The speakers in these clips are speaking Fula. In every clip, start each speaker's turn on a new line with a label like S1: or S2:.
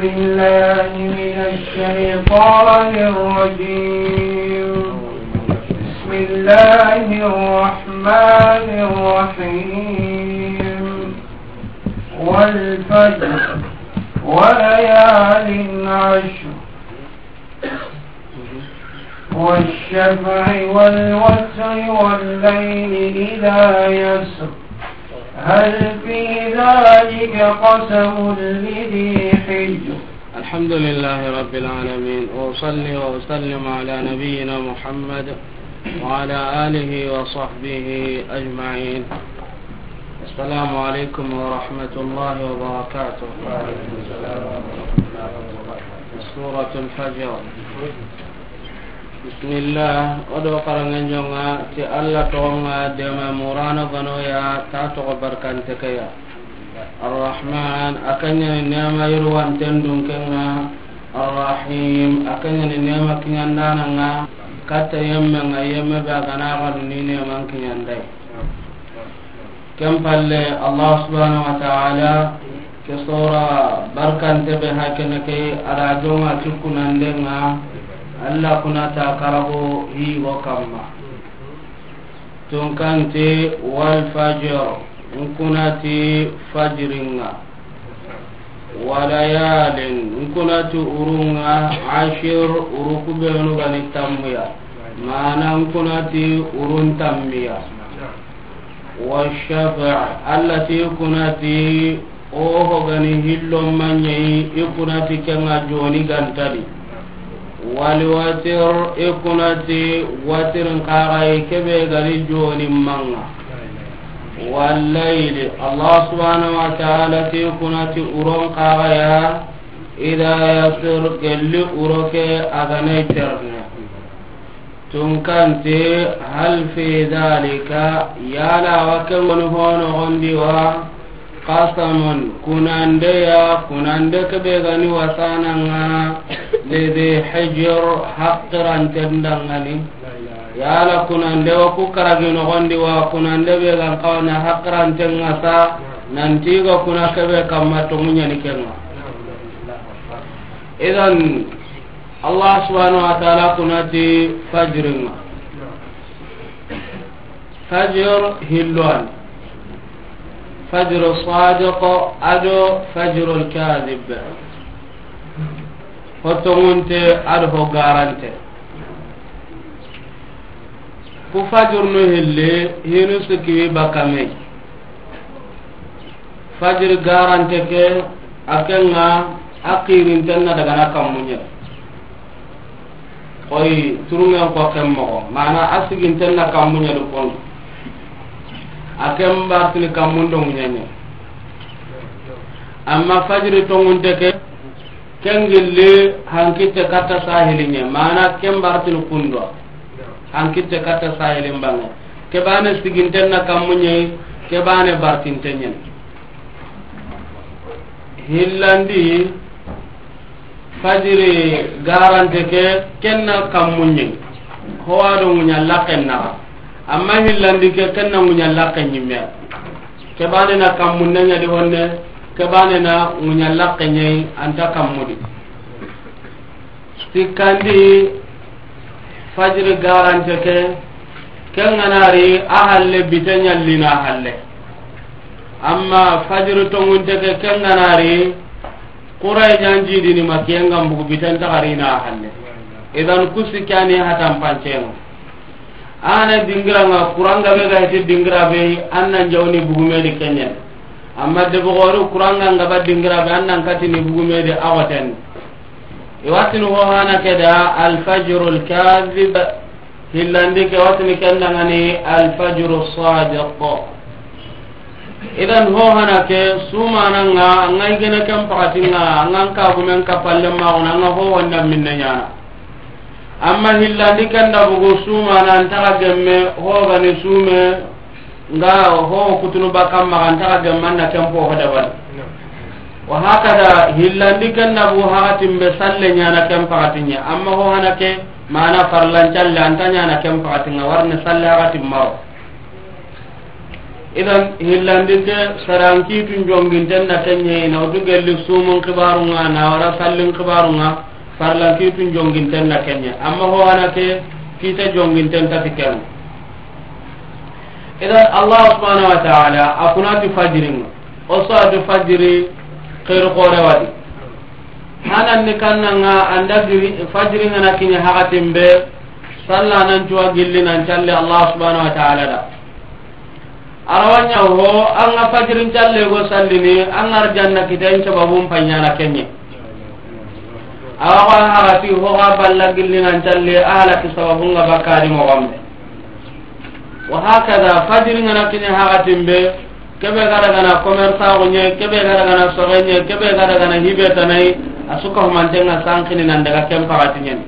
S1: بالله من الشيطان الرجيم بسم الله الرحمن الرحيم والفجر وليال عشر والشفع والوتر والليل إذا يسر
S2: هل في ذلك
S1: قسم
S2: لذي حجر الحمد لله رب العالمين وأصلي وأسلم على نبينا محمد وعلى آله وصحبه أجمعين
S3: السلام عليكم ورحمة الله
S2: وبركاته وعليكم السلام
S3: ورحمة الله وبركاته سورة
S2: الفجر bismillah odo karangenjonga ti allah dema ganoya ta togo barkante keya arrahman akanyani nema yirwanten dunkenga arrahim akanyani nema katta yemmenga yemme be neman palle allah subhanahu wa taala ke sora barkante be hakene ke alla kunata karago higo kamma tunkante walfajr nkunati fajringa walayalin nkunati urunga ashir urukubenugani tammuya mana nkunati urun tammiya washafa allati kunati oho gani hillon manyayi ikunati kenga joni gantadi walwatir ikunati watirin kaxay keɓe gani joni manga wallayli allah subhanau wa taala ti kunati uron kaxaya ida yasir gelli uroke aganai terne tunkanti hal fi dalika yalawa kengoni honoxondiwa kasamon kunande ya kunande keɓegani wasananga lede hejor hakkirantendangani yala kunande wa ku karaginogondi wa kunande ɓegan kawana hakkirantenga sa nantiga kuna keɓe kamma tomuñani kenga idan allah subhanau wa taala kunati fajiringa fajor hilloani فجر الصادق أدو فجر الكاذب hotogunte aɗo ho garante ku fajirnu hille hinu sikiwi bakkamei fajir garante ke akenga a qirintenna dagana kammuñe koy turungen ko ken mogo mana a sigintenna a kem ɓartini kammundonguñañe amma fajiri tongunteke kengilli hankitte katta sahiliñe mana kem ɓartini kundua hankitte katta sahilin bange keɓane sigintenna kammuñei keɓane ɓartinteñen hillandi fajiri garanteke kenna kammuñei howaɗonguña laken naxa amma hillandike kenna ŋuñallakke ñimme kebanena kammunneñadi honne kebanena ŋuñallakke ñayi anta kammudi sikkandi fajiri garante ke ke ŋanari a halle bite ñallina halle amma fajiri toŋunte ke ke ŋanari kurayeñanjiidini ma kiyengan bugu bitentaharina halle idan ku sikkani hatan pancenŋo ana dingira nga kuranga be gaiti dingira be anna jawni bugume di kenya amma de bo gori kuranga nga ba dingira be anna ngati ni bugume di awaten iwati no ho hana keda al fajr al kadhib hillandi ke wati ni kenda ngani al fajr al sadiq idan ho hana ke suma nanga ngai gene kam pati nga ngang ka gumen ka pallem ma ona nga ho wanda minna nyana amma hillandi kanda bogo sumana antaxa gemme hoogani suma nga ho kutunu bakkan maxa antaxa gemme na ken poxo daban wa hakada hillandi kanda bogo haxatimbe salle nya ñana ken paxatiñe amma ho hana ke mana farlancalle anta ñana ken paxatinga warni salle haxatim maro idan hillandinte sarankitun jonginten na kenñeina otu gelli sumun xibarunga nawara sallin xibarunga farlan kitun jonginten na kenya amma ho anake kita jonginten tati ken idan allah subhanahu wa ta'ala akunati fajirin o saatu fajiri khairu qore wadi hanan ni kanna kannanga anda giri fajiri ngana kinya hakatin be salla nan tuwa gilli nan challe allah subhanahu wa ta'ala da arawanya ho anga fajirin challe go sallini angar janna kitan sababun panyana kenya awa ko ho ha balla gillinan challe nga bakari mo mogonɓe wa hakada fajirigana kini hagatinɓe keɓe gadagana commerçaguñe keɓe gadagana sogeñe keɓe gadagana hibetanayi a nga sankini nan daga ken nyen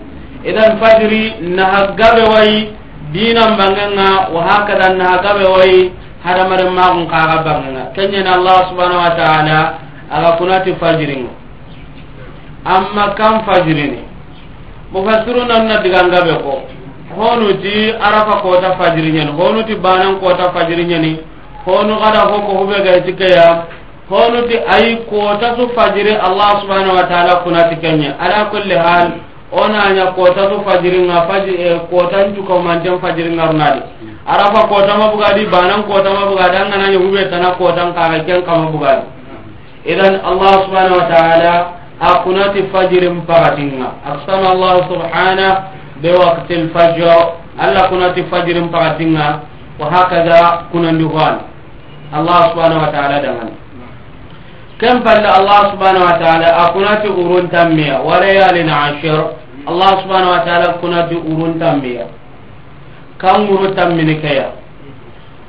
S2: idan fajiri naha gabe wayi dinan bangenga wa hakada naha gabe wayi hadamaren magun kaga bangenga keñeni allah subhanahu wa taala aga kunati nga. amma kam fajirini nan na diga nga digangaɓe ko honu ti arafa kota fajiri honu ti banan kota fajiri ñani honu kada hoko huɓe gayti keya honuti ayi kota su fajiri allah subhanahu wa taala kunati kenye ala kulli hal onaña kota su fajiringa eh, fajiri nga runadi arafa ma buga di banan ma buga kotama bugadi anganaña huɓe tana kotan kaga ken kama bugadi idan allah subhanahu wa taala أقنات فجر فغتنا أقسم الله سبحانه بوقت الفجر ألا قنات فجر فغتنا وهكذا كنا نغال الله سبحانه وتعالى دمان كم بل الله سبحانه وتعالى أقنات أورون تمية وريال عشر الله سبحانه وتعالى قنات أورون تمية كم أورون تمية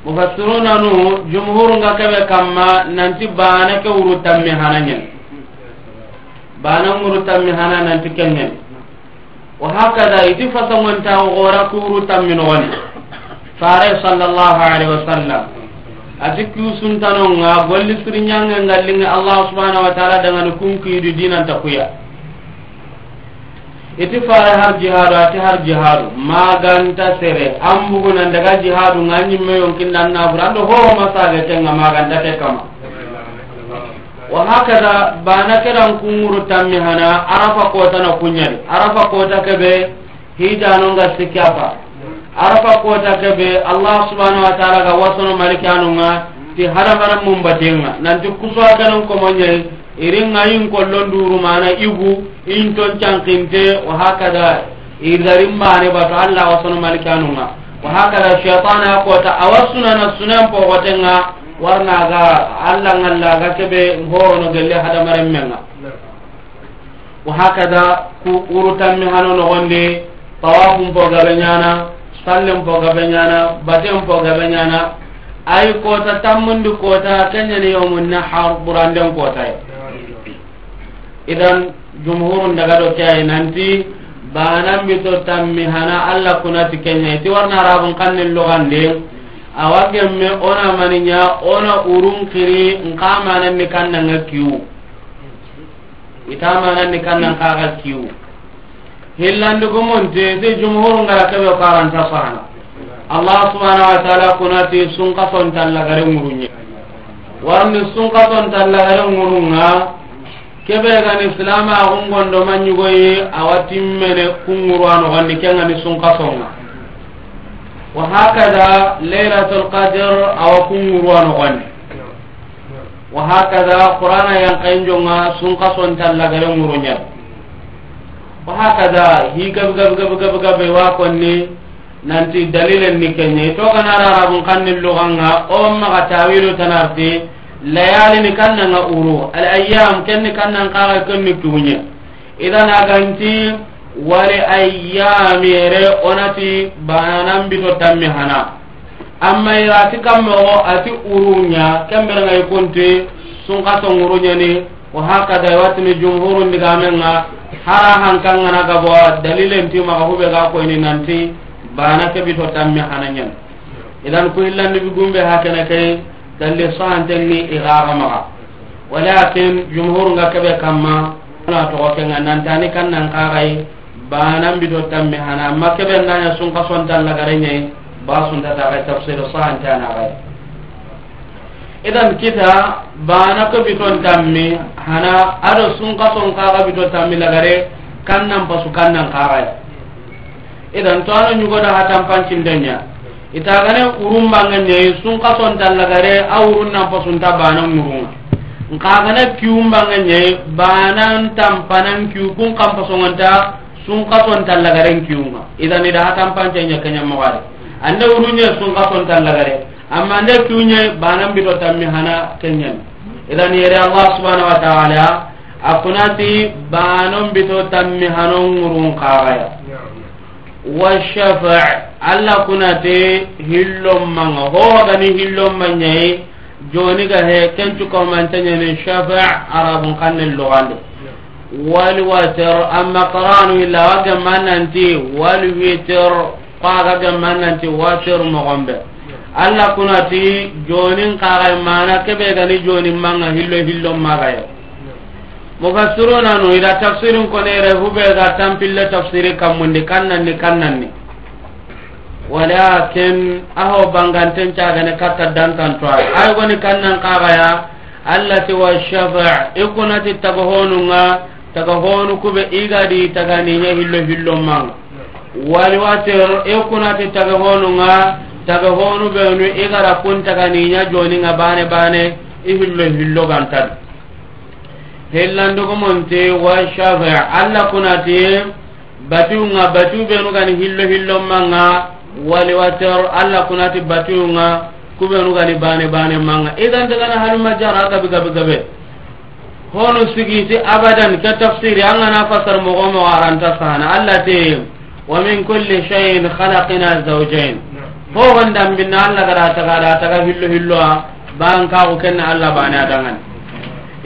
S2: mufassiruna nu jumhur nga كما kamma nanti baana ke wuru tamme bana muru tammi hana nan tikengen wa hakada iti fasongon ta gora kuru tammi no wani fare sallallahu alaihi wasallam ati kusun tanon nga golli sirinyanga ngallinga allah subhanahu wa ta'ala dengan kunki di dinan takuya iti fare har jihadu ati har jihadu maganta sere ambugunan daga jihadu nga nyimme yonkin dan nabura ando ho masaga tenga maganta te kama wa hakada bana kedan kunguru tammi hana arafa kota na kunyari arafa kota kebe hidano nga sikapa arafa kota kebe allah subhanahu wa ta'ala ga wasono malikanu nga ti hadamana mumbatenga nanti kuswa kanan komonyari iringa yin kollon duru mana igu in ton cankinte wa hakada idarin bane bato allah wasono malikanu nga wa a shaytana kota awasuna na sunan po kotenga warnaga allangallaga keɓe horono gelle hadamaren menga wahakada ku urutanmi hano nogondi pawafu mpogaɓe ñana salle mpogaɓe ñana bate mpogaɓe ñana ay kota tammundi kota kenñani yomun nahar ɓuranden kotay idan jumhuru daga do kay nanti banan bi to tammi hana alla kunati kenya ti warna rabun kanne lo gande awa gemme ona maninya ona urun kiri nka mananni kannanga kiyu ita mananni kannan kaga kiyu hillandigumonte de jumhur ngara keɓe karanta fahana allah subhanahu wa taala kunati sunkasontallagare ŋurunye warni sunkasontallagare ŋurunga keɓe gani islama axungondomanñugoyi awa timmene kunŋuru a sun kengani sunkasonga وهكذا ليلة القدر أو كن مروان غني وهكذا قرآن ينقين جمع سنقص وانتال لغير مرونيا وهكذا هي قب قب قب قب قب واقني نانتي دليل النكني تو كان على رب قن اللغة أم غتاويل تنارتي ليالي نكنا نقولو الأيام كن نكنا نقارك نكتوني إذا نغنتي ware ayyamire onati bananan bito tammi hana amma ira ti kammogo ati urunya kemberengayi kunti sunka songurunyani wa hakada watini jumhuru ndigamenga hara hankangana gabo dalilenti maga hube ga koyni nanti bana ke bito tammi hana nyan idan ku illani bi gumbe hakene kay dalle sante ni igara maga walakin jumhuru ngakebe kamma na to ko kenga nanta ni kannan kagai bananbito tammi hana ma keɓe naña sunka sontanlagareñayi ba suntataxa tafsir sahantanaxay idan kita bana ko biton tammi hana ado sunka sonkaxa bito tammi lagare kan nan pasu kan nan kaxaya idan to ano ñugoda xa tampancindeña itagane urumbangeñayi sunka sontanlagare a wurun nan pasunta bana ŋurunga nkaxana kiwumbangeñayi bana tampanan kiw kun kan pasongonta sun kason tallagaren kiyunga idan ida hatan pance ande kanya mawari anda tallagare amma anda kiyunya banan tammi hana kanya idan yere allah subhanahu wataala akunati banan bido tammi hanon ngurun kagaya wa shafa' alla kunate hillom manga ho gani hillom joni ga he kencu ko shafa' arabun kanne lugande walwater amma qaranu illa wa gammananti walwiter qaga gammananti water mogombe alla kunati jonin qaga mana kebe gani jonin manga hillo hillo magaya mufassiruna no ida tafsirin konere hube ga tampille tafsiri kammundi kannanni kannanni walakin aho banganten cagane katta dantantoa ay goni kannan kagaya allati wa shafa ikunati tabahonunga taga honu kube igadi taga niye hillo hillo man wali water e kunati taga honu nga taga honu benu igara kun taga niya joni nga bane bane i hillo hillo gantad hellandugo monte wa shafi alla kunati batu nga batu benu gani hillo hillo man nga wali water alla kunati batu nga kube nu gani bane bane man nga idan daga na halu majara gabi gabi gabi honu sigiiti abadan ka tafsiri an gana fasar mogo mogo aranta sana allah te wa min kulli shay'in khalaqna zawjayn ho wanda binna allah gara taga da taga hillo hillo ban ka kenna allah bana dangan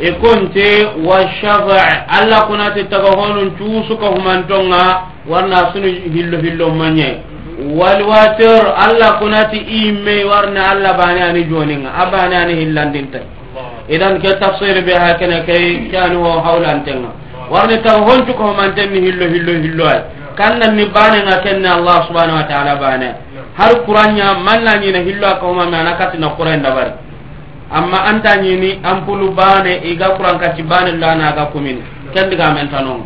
S2: e konte wa shafa allah kuna te taga honu tusu ko humantonga warna sunu hillo hillo manye wal watir allah kuna ti imme warna allah bana ani joninga abana ani hillandinta idan ke tafsir bi ha kana kai kanu ho hawlan tenga warni ta hon ko man tan ni hillo hillo hillo ay kan nan ni bane na kenna allah subhanahu wa ta'ala bane har qur'anya man na ni na hillo ko ma na kat na qur'an da bar amma anta ni ni ampulu bane iga qur'an ka ti bane la na ga kumin ken diga men tanon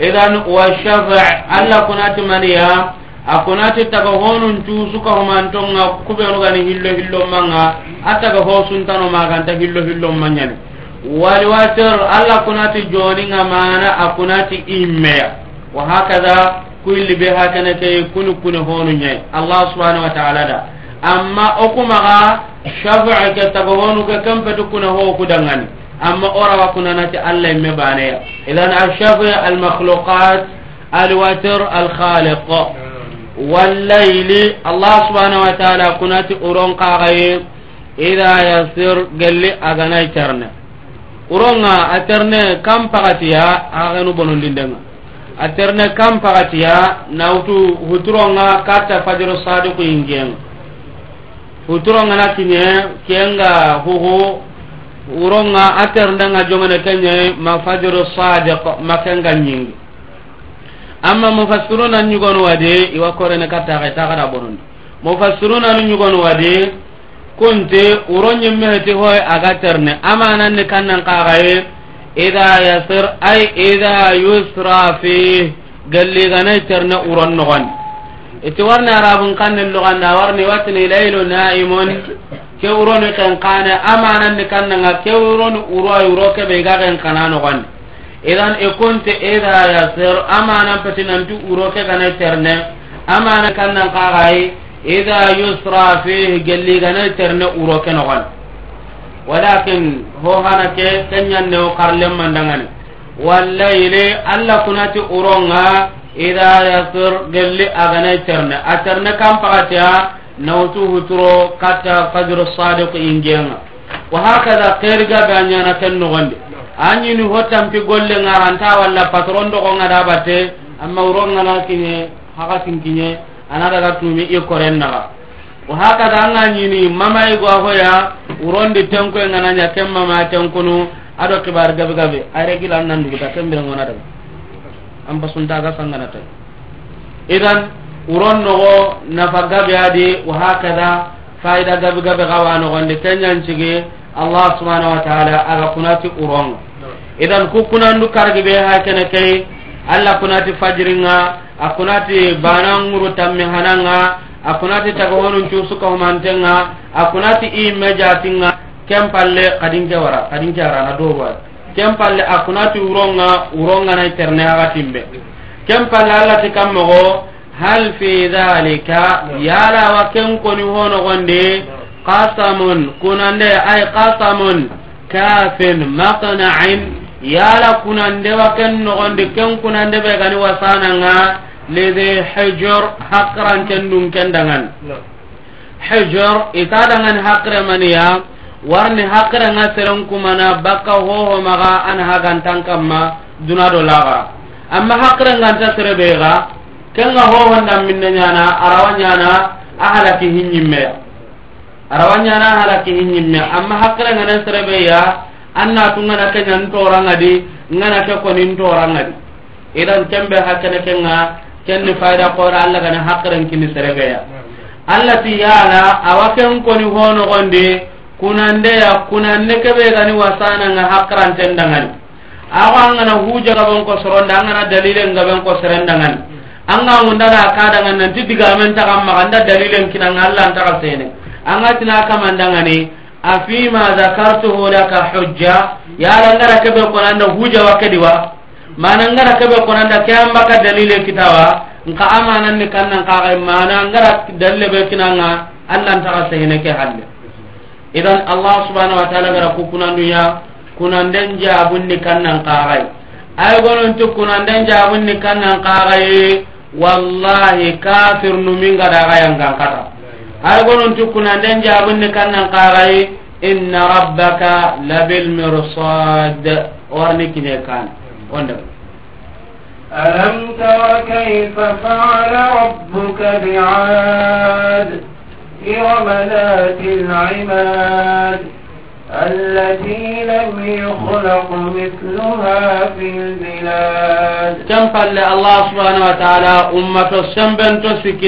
S2: idan wa shafa alla kunati maniya akonati taga honun cuusuka homantonga kuɓenugani hillo manga a taga ho suntano maganta hillo hillommanyani waliwater allah kunati joninga mana akunati immeya wa hakada kuilli be hakene keye kuni kuni honu ñayi allah subhanau wa taala da amma okumaga shafii ke taga honu ke kempeti kuna ho kudangani amma orawa kunanati allah imme baneya idan ashafi almakhluqat alwater alkhaliq walayli allah subhanahu wa taala kunati uron kaxaye ida yasir gelli aganai terne uronga a terne kam pakatiya axakenu bonondindenga a terne kam pakatiya nawtu huturonga katta fajiru sadiku yingenga huturonga na kiñe kenga huhu uronga a terndenga jongene kenñe ma fajiru sadik makenga ñingi amma mufassiruna nyugonu wade iwa korene katta ga ta ga bonon mufassiruna nyugonu wade kunte uronyi mehti hoy aga terne amana ne kannan ka gaye iddaa yasir ay iddaa yusra fi galli terne uron nogon itti warni araabuun kanne lugan da warni watni laylu naimun ke uroni kan kana amana ne nga ke uroni ni uro ke be ga kan kana idan ekonte eda yasir amanan pati nanti uroke gana terne amana kannan kagayi ida fi gelli gana terne uroke nogon walakin ho hana ke kenyan ne karlen mandangani wallayli alla kunati uronga ida yasir gelli agana terne a terne kam pagatia nawtu huturo kata fajr sadiq ingenga wa hakaza qirga ganyana añini hottanpi golle garanta walla patron dogonga da batte amma wurongana kiñe haka sinkiñe anadaga tumi i koren naga hakada anga ñini mamayi go ahoya wurondi tenkue ngananja ken mama tenkunu ado kibar gabi gabi aregila an nanduguta kenbirengonadaga an basuntaga sanganata idan wuron nogo nafa gabi adi wahakada faida gabi gabi gawa nogondi kenñancigi allah subhanahu wa taala aga kunati uronga idan ku kunandu kargibe ha kene kay allah kunati fajiringa a kunati bananguru tammi hananga a kunati tagahonun cuusukahumantenga a kunati imme jatinga ken palle kadinke wara kadinke arana dowa ken palle a kunati uronga uronganai terne aga timbe ken palle allah ti kammogo hal fi dhalika yalawa ken koni honogonde no. qasamun kunande ay qasamun kafin maqna'in yala kunande wa ken nogondi ken kunande be gani wasana nga lidi hijr haqran ken dun ken dangan hijr ita dangan haqre maniya wani haqre nga seren kumana baka hoho maga an hagan tankamma dunado laga amma haqre nga ta sere bega ken nga hoho ndam minna nyana arawa nyana ahalaki hinnyimmeya arawanyana hala ki hinnimme amma hakkira ngana serebe ya anna tunga na kenya ntora ngadi ngana ke koni ntora ngadi idan kembe hakkene kenga kenni fayda kora alla gana hakkira nkini serebe ya alla ti yala awaken koni hono gondi kunande ya kunande kebe gani wasana nga hakkira ntenda ngani awa ngana huja gabon ko soronda ngana dalile ngaben ko serenda ngani anga ngundana akada ngana ntidiga amenta kamma ganda dalile nkina ngalla ntaka senenga angatina kamandangani afima dhakartuhu laka hujja yala ngara kebe konanda huja wakediwa mana ngara kebe konanda kambaka dalile kitawa nka amananni kannan kaxa mana ngara dalile be ta allantaxa sehine ke halle idan allah subhanahu wa taala gara ku kunanduya kunanden jabunni kannan kaxay ay gononti kunanden jabunni kannan kaxaye wallahi kafir numin gadaxayangan kata argonun tukuna den jabunni kannan qarai inna rabbaka labil mirsad warni kine kan wanda
S1: ألم تر كيف فعل ربك بعاد إرم ذات العماد التي لم يخلق مثلها في البلاد
S2: كم فل الله سبحانه وتعالى أمة السنبن تسفك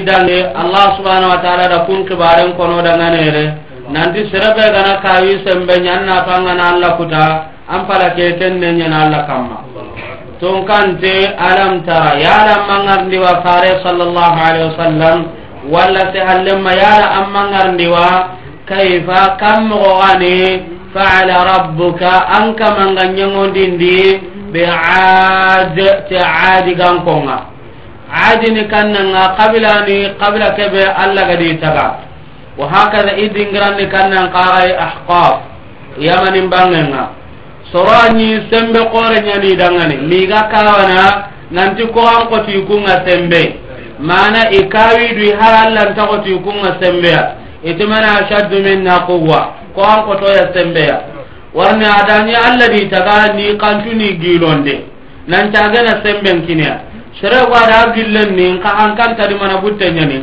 S2: الله سبحانه وتعالى لكم كبارين كونو دغنيره nanti serebe gana kawi sembe nyanna panga na Allah kuta am pala keten ne nyana Allah kamma ton kante alam tara ya alam mangar ndiwa fare sallallahu alaihi wasallam walla se halle ma ya alam mangar ndiwa kaifa kam mogani فعل ربك أنك من غنيون دين دي بعاد تعاد غنكونا عاد نكنا قبل أن قبل كب الله قد يتغى وهكذا إذن قرن نكنا قاري أحقاف يمن بانغنا سراني سنب قورن يني دنغني ميغا كاونا نانتي قوان قوتي يكون سنب mana ikawidui har allantakotiyukunga sembeya itumana ashaddu minna quwa ko hanko toya sembeya warni adani allah di taga ni kantuni gilonde nancagena semben kineya sere go ada gillen ni nka hankantadi mana butte ñani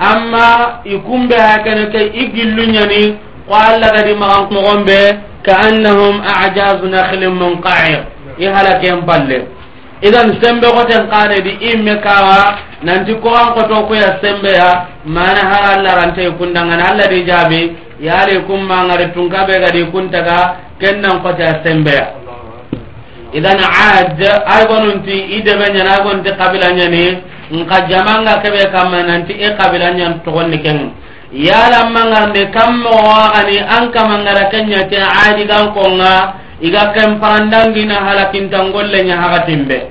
S2: amma i kumbe hakene ke i gillu ñani ko allah gadi maxan mogonɓe ka annahum ajazu nakhlin munkair i halaken balle idan sembe goten kaɗedi imme kawa nanti ko hankoto koya sembeya mana ha allah rantei kundangana allah di jaɓi yaali kun maangari tun kabe gadi kun taga kennan kote a sembeya idan aad ay gonunti i debe ñani ay gonti kabila ñani nka jamanga kebe kamma nanti i kabila ñan togonni ken yaala mangarni kam mogoa gani an kamangara kenñake aadi gan konga iga ken parandangina halakintan golle ña hagatimbe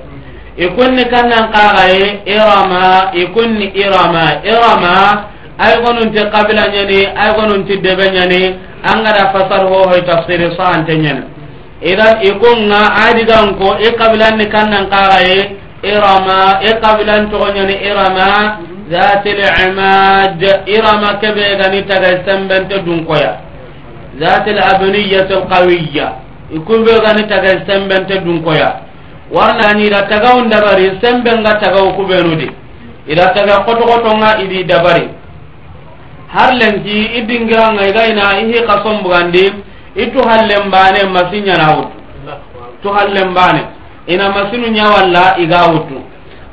S2: ikunni kannan kaagaye irama ikunni irama irama aygonunti kabila ñani aygonunti debe ñani angara fasar hohoy tafsiri sahante ñani idan ikunga adiganko i kabilanni kannan kaxaye irama i kabilan togoñani irama ذاتي العماد إرما كبير غني تغي سنبن تدون قويا ذات الأبنية القوية يكون بي غني تغي سنبن تدون قويا وانا ان إذا تغاون دباري سنبن غا تغاو كبيرو دي إذا تغاو قطو قطو دباري har lenki idingira nga igaina ihi kason bugandi itu hallen bane masinya na wutu to hallen bane ina masinu nya walla iga wutu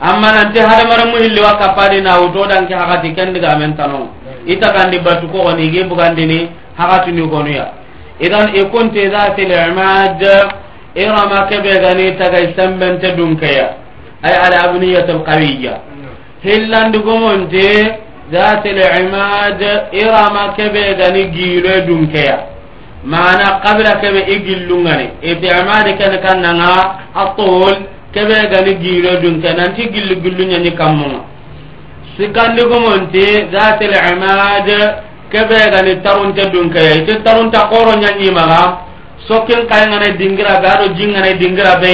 S2: amma nanti hada mara mu hilwa wa kapade na wuto dan ki hakati kendi ga men tano ita di batu ko ni ge bugandi ni hakati ni gonu ya idan ikunti zatil imad irama kebe gani tagay sambente dunkaya ay al abniyatul qawiyya mm. hillandu gomonte ذات العماد إرم كبيدني جيلو دنكيا معنى قبل كبي إجلونغني إتعماد كان كان الطول كبيدني جيلو دنكيا نانتي جيلو جيلو كمونا sikandigomonti ذات العماد kebegani tarunte dunkeya iti tarunta koro ñañimaga sokkin kayngana dingira be aɗo jingana dingira be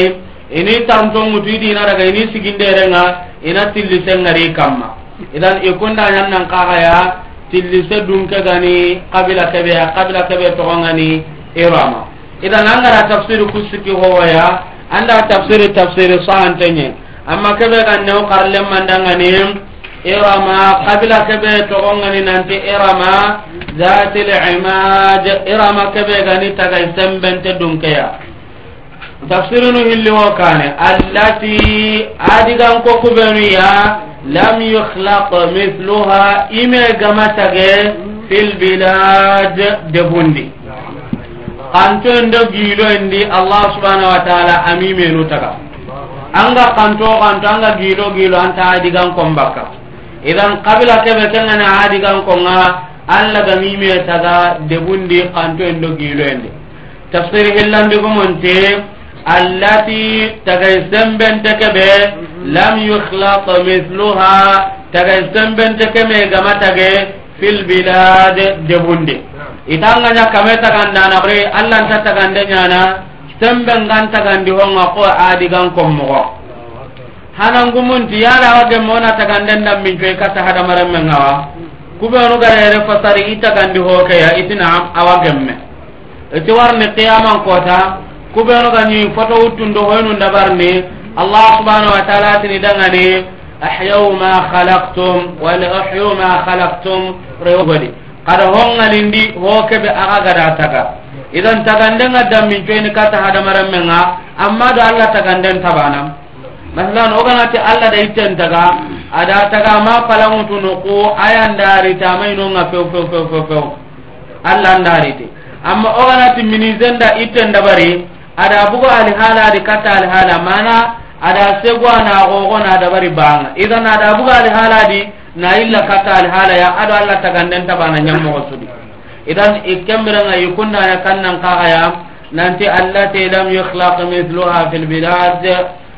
S2: ini taruntongutu idinaraga ini siginderenga ina tillisengari kamma idan ikunda nyan nan kaga ya tilise dun ke gani qabila kebe ya qabila ngani irama idan an gara tafsir kusiki ho ya anda tafsir tafsir sa'an tenye amma kebe kan ne karle irama qabila kebe to ngani nanti irama zatil imad irama kebe gani tagai sembente dun ya tafsirunu hilliwo kane allati adiganko kubenuya lam yuhlak mithluha ime gamatage fil bilad debundi kanto endo gilo endi allah subhanahu wa taala amimenu taga anga kanto kanto anga gilo gilo anta adiganko mbaka idan kabila kebe kengane adiganko nga allah gamime taga debundi kanto endo gilo endi tafsir hillandi gumonte allati tagay sembente kebe lam yukhlaq mithluha tagay sembente kebe gama tage fil bilad debunde itanga nya kame taganda na bre allah ta taganda nya na semben gan tagandi nga ko adi gan kommo hanangumunti yala wage mona taganden dam min joy kata hada maram mengawa gare garere fasari ita itagandi hokeya itina awagemme ne warni qiyaman kota kuɓenogani foto wuttundo hoynu ndabarni allah subhanahu wa taala atini dangani axyau ma halaktum wala axyu ma halaktum rewgoni kada hongalindi ho keɓe axa gada taga idan tagandenga dammin coyni katta hadamarenmenga amma do allah taganden tabanam masalan oganati allah da itten taga ada taga ma palanŋutu nuku ayandarite amainonga few few few few few allah ndarite amma oganati minisenda itten dabari ada bugo ali hala ali kata ali hala mana ada sego ana gogo na ada bari banga idan ada bugo ali hala di na illa kata ali hala ya ado Allah taganden ta bana nyammo ko sudi idan ikembere ngai kunna ya kannan ka haya nanti Allah te lam yukhlaq mithluha fil bilad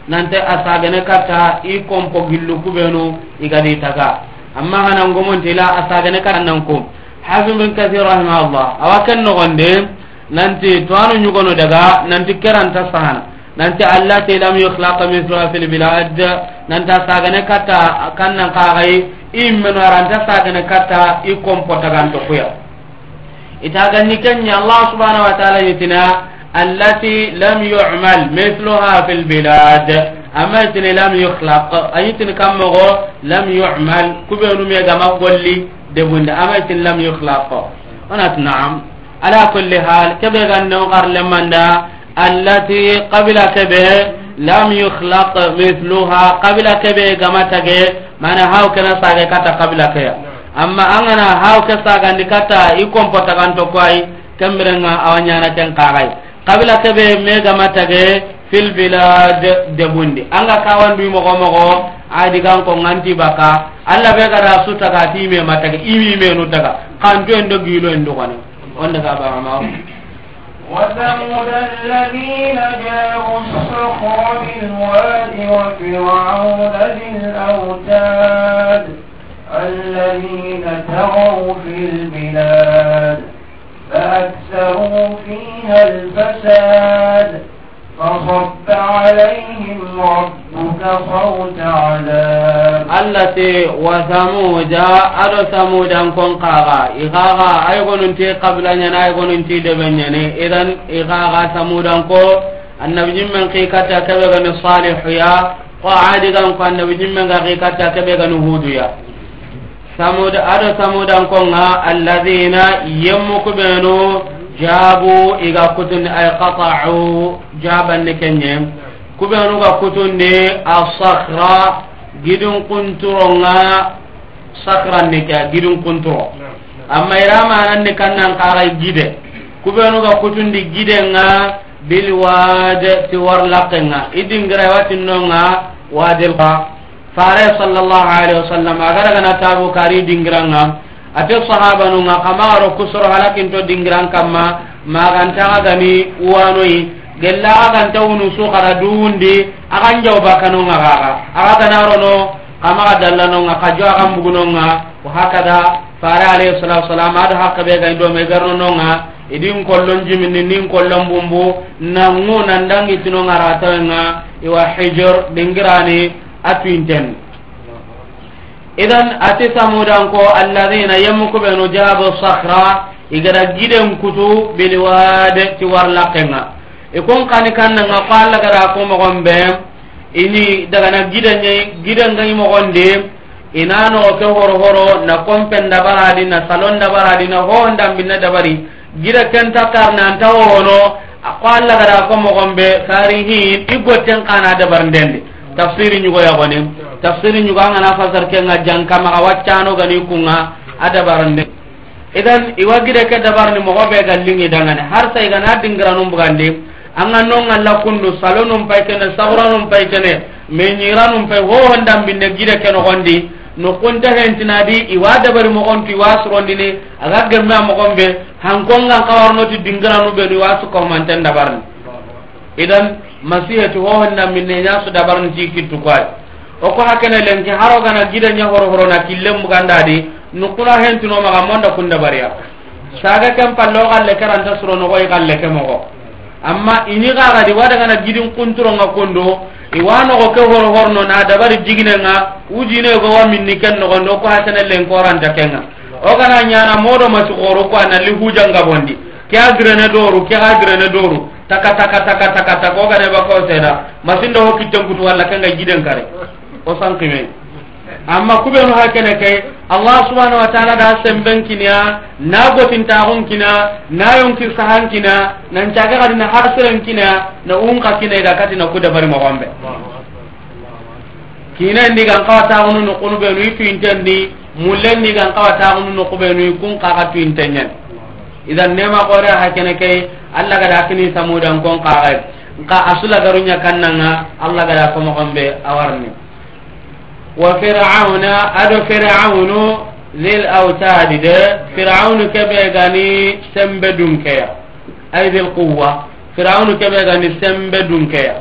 S2: nanti asagene kata i kompo gillu kubenu igadi taga amma hanan gomon tila asagene kannan ko hafim bin kathir rahimahullah awakan no gonde nanti tuanu nyugono daga nanti keranta sahana nanti allah te lam yukhlaqa mithluha fil bilad nanta sagane katta kannan kaxay i meno aranta sagane katta i kompotaganto kuya itagani kenñi allah subhanahu wa taala yitina allati lam yumal mithluha fil bilad amma itini lam yukhlaq ayitini kam mogo lam yumal kubenu megama golli debunde amma itini lam yukhlaq onati naam ala kulli hal kebe gan no garle manda allati qabila kebe lam yukhlaq mithluha qabila kebe gamata ge mana haw kana sage kata qabila ke amma angana haw ke sage ndi kata i komporta gan to koy kemrenga awanyana ken kagay qabila kebe me gamata ge fil bilad de bundi anga kawan bi mogo mogo adi kan ko nganti baka alla be gara su taga ti me mata ge imi me no taga kan to endo gilo endo kono وأنك أبا
S1: وثمود الذين جاءوا الصخر بالواد وفرعون بالأوتاد الذين تغوا في البلاد فأكثروا فيها الفساد Ka faɓɓi alihimma, ina faru ta ale.
S2: Allah say "Wa samu wajen aɗo samu danƙon ƙara, iɣara a yi waɗante ƙaflanyana, a Idan iɣara samu danƙon a nabin ƙirikata ta bai ban a tukunyan, ko a ɗigan ko a nabin ƙirikata ta bai ban a huɗuya. Aɗo samu danƙon a, Allah say "Ina yemmu jaabu iga kutundi ay qataau jaabanni kenye kuɓenuga kutundi a sakra gidin kunturonga sakranni ke gidin kunturo amma iramananni kannan kaxay gide kuɓenuga kutundi gidenga bil waad ti war laqenga idingira watinnonga waadilka fare sallallahu alaihi wasallam agaraganatabu kari dingiranga ate sahaba nunga kamaaro kusoro halakinto dingiran kamma magantaa gani wanoyi gella aga ganta wunu sukara duwundi akan jawbakanunga kaka aga ganarono kamaga dallanonga kajo akan bugunonga wahakada fare alayhi salatu wasalam ado hakkabe gani domegarnononga idin kollon jimini nin kollon bumbu nangu nandangitinonga ratawenga iwa hijor dingirani atuinteni idan ati tamudan ko alladina yamukubenu jabu sahra igada giden kutu biliwade ti warlakenga ikun kani kanna nga ko alla gara ko mogon be ini daga na giden ne giden ngai mogon de inano ke horo horo na kompen da baradi na salon da baradi na ho nda binna da bari gida ken takar na anta ho no ko alla gara ko mogon be karihi igoten kana da barndende tafsiri ñugoyagonim tafsiri ñugo angana fasar kenga jankamaxa waccanogani kunga a dabarande idan iwa gide ke dabarni mogo ɓe galliŋi dangane har saygana dingiranum bugandi anga nonga la kundu salonum pay kene sahuranum pay kene me ñiranum pay howon dambinne gide ke nogondi no kunta hentinadi iwa dabari mogontu iwa surondini aga gemme a mogon ɓe hankonga kawarnoti dingiranu ɓenu iwa sukomanten dabarni idan masihati hohonnaminne ñaso dabarni si kittu koay o ko hakkene lenki harogana gida ña horohorona killenbugandadi nukuna hentunomaga monda kundabariya saga ken palloogalle keranta suro nogoyi galle ke mogo amma ini gagadi wadagana gidin kunturonga kundu iwa nogo ke horohorno na dabari jiginenga ujinego wa minni ken nogondi o ko hakkene lenki oranta kenga ogana ñana modo masi horo ko analli hujangabondi ke agirene doru ke agirene doru taka taka taka taka taka o gane ba ko seda masin do tan kutu walla kanga giden kare o sankime amma kube no hakene kay allah subhanahu wa ta'ala da semben kinya na tin ta hon kina na yon ki sahan kina nan caga ga na harsiran kina na un ka kina da katina kuda bari ma wambe kina ndi ga ka ta hon no kunu be tin tan ni mulen ni ga ka ta hon no kube ni kun ka ka tu intenyen idan nema qore ha kene kay alla gada kini samuda an kon qare ka asula garunya kannanga alla gada ko mo gambe awarni wa fir'auna adu fir'aunu lil awtadi de fir'aunu kebe gani sembe dunke ya ay dil quwwa fir'aunu kebe gani sembe dunke ya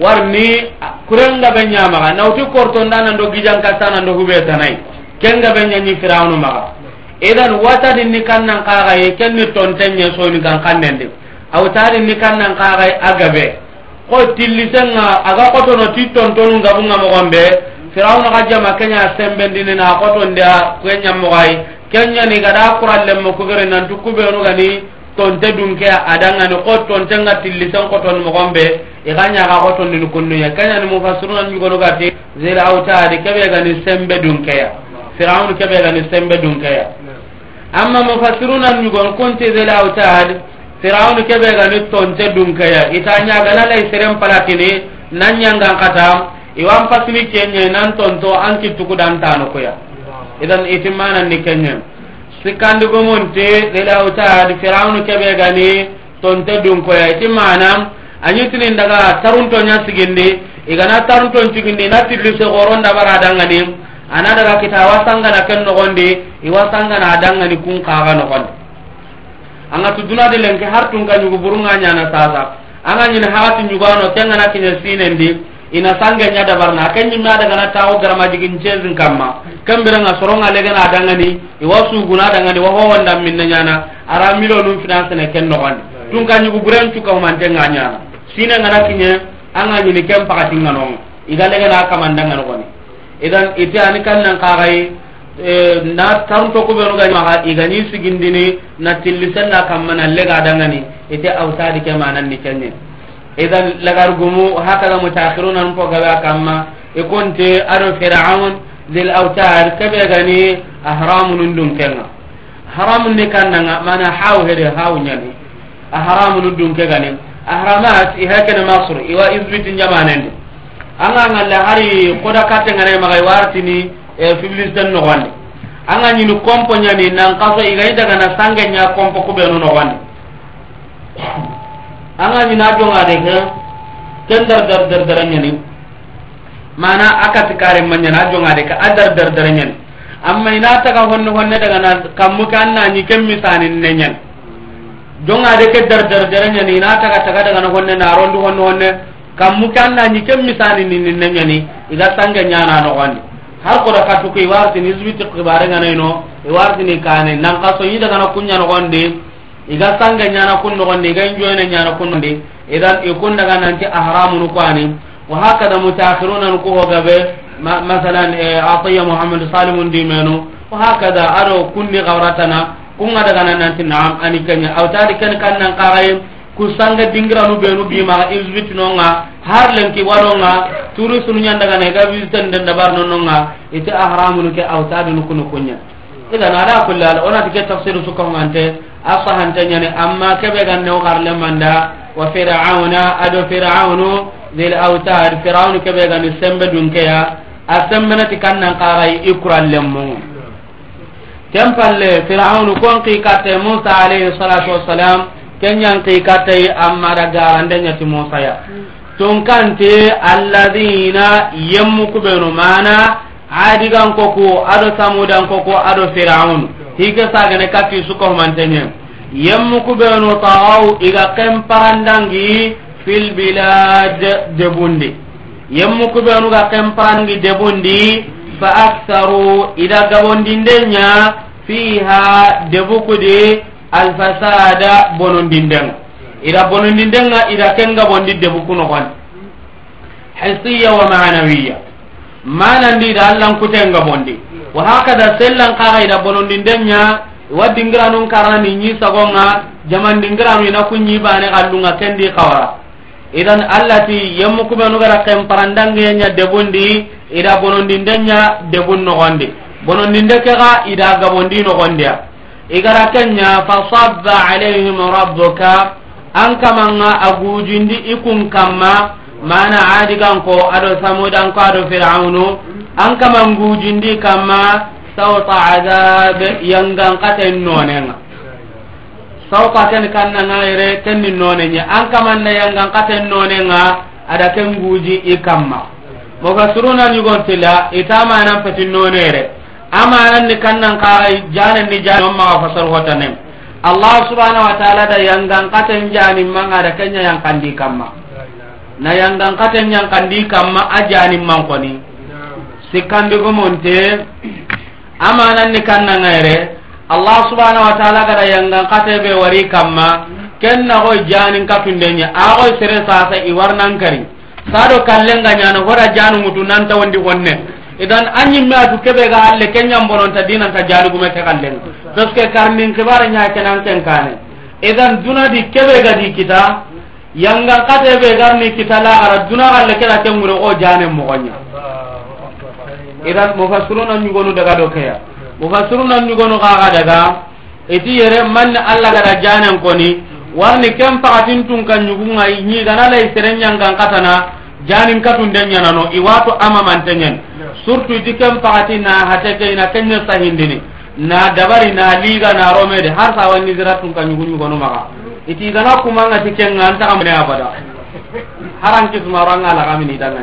S2: warni kurenga be nyama ga nawti korto ndana ndo gijan kasana ndo hubeta nay kenga be nyanyi fir'aunu maga edan watani ni kannan kaxaye kenni tontenñe soni gan kannendi awtani ni kannan kaxay a gabe ko tillisenga aga xotono ti tontonu gabunga mogon ɓe firawuna xa jama keña sembendini na xotondia keñamoxay kenñani gada kurallenmo kugere nantu kuɓenugani tonte dunke adangani ko tontenga tillisen xotoni mogon ɓe ixa ñaxa xotondini kunnuya keñani mufasiruna ñugonugati zeri awtadi keɓegani sembe dunkeya firawun keɓegani sembe dunkeya amma mufassiruna nyugon kunti zil awtad firawnu kebe ga ni tonte dum kaya ita nya ga lalay serem palakini nan nya ga kata iwan pasni kenye nan tonto anki tukudan tanu kaya idan itimana ni kenye sikandu go monte zil awtad firawnu kebe ga ni tonte dum kaya itimana anyitini daga tarunto nya sigindi igana tarunto sigindi natilise goronda baradanga ni ana daga kita wasangana ken nogondi iwasangana adangani kun kaga nogondi angatu duna de lenke har tunga nyugo burunga nyana sasa anga nyina hati nyugo ano kenga na kine sinendi ina sanga nya da barna ken nyina daga na tawo gara ma jigin chezin kamma kam bira nga soronga lega na adangani iwasu guna adangani wo hon dam minna nyana ara milo nun finance ne ken nogondi tunga nyugo buran tuka ma denga nyana sinanga na kine anga nyine kem pakatinga non igalega na kamandanga nogondi idan itti ani kan nan kagai e, na tan to ko be gani maka igani sigindini na tilisen na kammana lega dangani itti awtadi ke manan ni kenye idan lagar gumu haka da mutakhiruna an ko gaba kamma ikunte aro fir'aun lil awtar kabe gani ahramun dum kenga haramun ne kan nan mana hawo hede hawo nyani ahramun dum ke gani ahramat ihakana masr iwa izbitin jamanan anga ngalle hari koda karte ngane magay wartini e fiblist den no wande anga ni no kompo nyani nan kaso igay daga na sangen nya kompo ko be no no wande anga ni na jonga de ke tender dar dar dar nyani mana akat kare man nya na jonga de ka adar dar dar nyani amma ina ta ka honno honne daga na kammu kan na ni kem misani ne nyani jonga de ke dar dar dar nyani ina ta ka ta daga na honne na rondu honno honne kammu ke annani ken misali ni nin neñani iga sange ñananoxoandi har koda katuke iwartini isbiti xibarenganayino iwartini kane nanka so yidagana kuñanoxondi iga sange ñana kun noxondi iga injoyine ñana kunnoxondi idan ikundaga nanti ahramunu kuani wa hakada mutakhirunan ku hogabe masalan eh, atiya mohamad salimun dimenu wa hakada aɗo kunni xawratana kunga daganananti naam anikeñe autadi ken kannan karayim ku sange dingiranu benu bimaa isvit nonga har lenki waɗonga touriste nu ñandagana ga visitan den dabar nonnonga ite ahramunu ke autadenu kunu kuña idan ada kulli ala onati ke tafsir sukkongante a sahante ñani amma keɓe gannewo xar lemanda wa firauna ado firaunu dil autad firaunu keɓe gani sembe dunkeya a sembenati kannankaxay i kuran lemmogo ten palle firaunu konki katte musa alayhi salatu wasalam kenyan ke kata yi amara garande nya ti Musa ya ton kante alladina yemmu ku beno mana adi gan koko ado samudan koko ado fir'aun hike saga ne kati su ko mantenye yemmu ku beno taaw iga kem parandangi fil bilad debundi yemmu ku beno ga kem parandangi debundi fa aktaru ida gabondindenya fiha debukude alfasada bonondindenga hmm. ida bonondindenga ida kenga bondi debukunogoni hisiya wa manawiya manandi ida allankutenga bondi hmm. wa hakada sellankaga ida bonondindenga waddingiranun karanani ñi sagonga jamandingiranu ina kunñi bane gallunga kendi kawara idan allati yemmukumenugara kenparandangeya debundi ida bonondindenga debun nogondi bonondinde kega ida gabondi nogondia igara kenya fasabba alayhim rabbuka an kamanga agujindi ikun kamma mana adi kan ko ado samud an ko ado fir'aunu an kamangu jindi kamma sawta azab yangan qaten nonen sawta ken kanna ngaire ken ni nonenya an kamanna yangan qaten nonen nga ada ken guji ikamma moga suruna ni gontila itama nan patin nonere amananni kannan kaa janani jaomaga fasarhotanen allah subhanau wa taala da yangankaten janimmangada kenya yankandi kamma na yangankaten yankandi kamma a janimman koni sikkandigomonte amananni kannangaere allah subhanau wa taala gada yangankate ɓe wari kamma ken nahoy janinka tundeya axoy sere sasa iwarnankari saɗo kallenga ñana hora janumutu nanta wondi honne idan an ñimme atu keɓe ga halle ke ñambononta dinanta jaligume ke xallenga parce que karndin xibar ñakenan ken kane idan dunadi keɓe ga di kita yanga kate ɓe garni kita laxara duna xalle keɗa ke ŋure ko jane moxoña idan mofasuruna ñugonu daga dokeya mofasuruna ñugonu xaxa daga iti yere manni allah gada janen koni warni ken paxatin tunka ñugunga ñiganalay seren ñangan katana janin katunde ñanano iwatu amamante ñen surtout ti kem pakati na hate ke ina kenya sahindini na dabari na liga na de har sawa ni zira tun kan yugun yugono maka iti gana kuma nga ti kenga anta kamne abada haran ki suma ranga la kami ni dana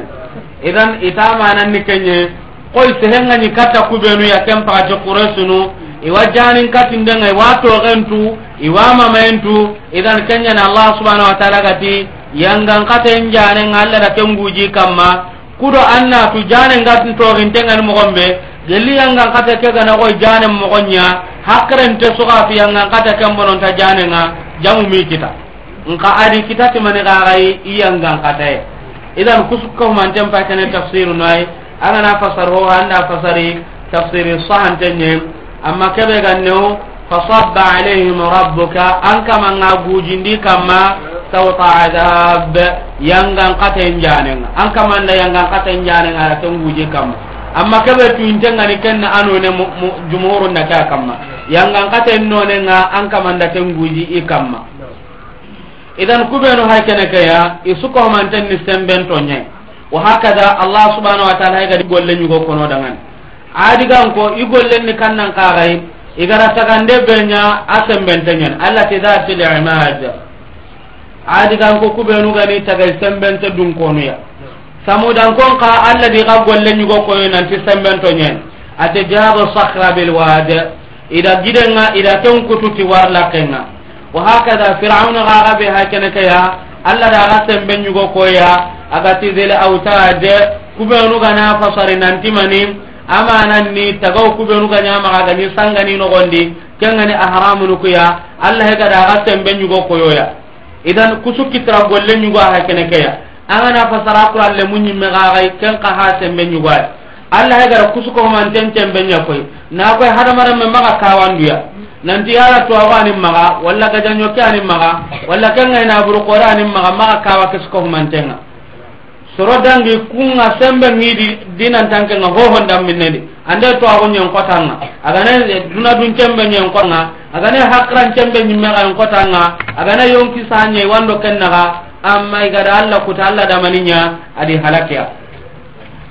S2: idan ita manan ni kenye koy sehenga ni kata kubenu ya kem pakati kuresunu iwa janin katindenga iwa togentu iwa mamentu idan kenya na allah subhanahu wa ta'ala gati yangan katen janen alla da kenguji kamma kudo anna tu jane ngatin to rin tengan mogon be gelli yang ngang kata ke gana koy jane mogon nya hakren te soga fi yang ngang kata ke mbonon ta jane nga jamu mi kita ngka adi kita ti mane ga gai iya ngang kata e idan kusuk ko man tem pa tafsiru nai ana na fasar ho anda fasari tafsiri sahan tenye amma kebe ganno fasabba alaihim rabbuka anka man ngagu jindi kama sawta adab yangan qaten janen an kamanda yangan qaten janen ala ton guje kam amma kabe tuinten ngani kenna anu ne jumhuru na ka kam yangan qaten none nga an kamanda ten guji i kam idan kubenu hay kene ke ya isuko man ten ni semben to nyai wa hakada allah subhanahu wa ta'ala hay ga golle nyugo kono dangan adi gan ko i golle ni kannan ka gay igara tagande benya asemben tenyen allah tidar fil imad aadi kan ko kubenugani tagay sembente dunkonuya samudankon ka alladi ka golle ñugo koyo nanti sembento ñen ate jaro sahra bilwade ida gidenga ida tenkututi war lakkenga wa hakada firauna kakabe ha kenekeya allah daga sembe ñugo koya agati zel autade kubenugana fasari nantimani amananni tagaw kubenuganyamagagani sanganinogondi kengani ahramunukuya allah hegadaga sembe ñugo koyoya idan kusukkitira golle ñugo axa kene keya angana fa sara kuran le muñimme xaxay ken qaxa sembe ñugoay alla hay gara kusukoxomanten cembe ña koy na koy hadamarenme maxa kawanduya nanti yala tuwawo anin maxa walla gajañoke anin maxa walla kengay naburu qore anin maxa maxa kawa kesukoxomantenga soro dangi kunga sembe ngidi dinantankenga hohondanminnedi ande tuwaxo ñenkotanga agana duna dun cembe ñenkotanga agana hakrancembe ñimmexayen kotanga agana yonki sañei wando ken naxa amma igada allah kuta allah damaniña adi halakea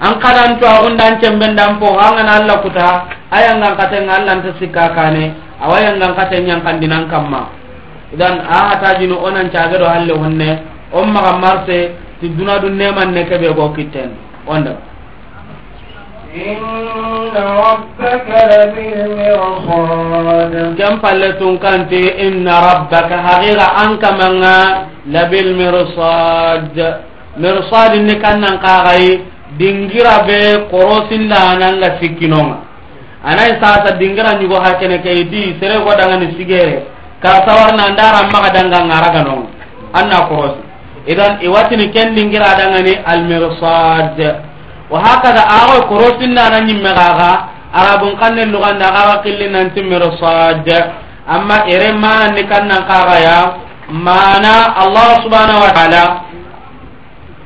S2: an kadantu axundan cembendan poxo angana allah kuta ayangan katenga allah nta sikka kane awayangan katenñankandinan kamma idan a hatajini onancagedo halle hunne on maxa marse ti duna du nemanne keɓe go kitten onde jam palle tun kante inna rabbaka hakira an kamanga labil mirsad mirsad ni kannan kakayi dingira be korosinda ananga sikkinonga anayi sasa dingira nyugo hakene kei di sere ko dangani sigere karsa warna ndara maga danga ngaraganonga anna korosi idan iwatini ken dingira dangani almirsad wa hakada awo ko rotinna na nyimme gaga arabun kanne luganda gaga qillinan timmiro sad amma ere mana ni kanna qara ya mana allah subhanahu wa taala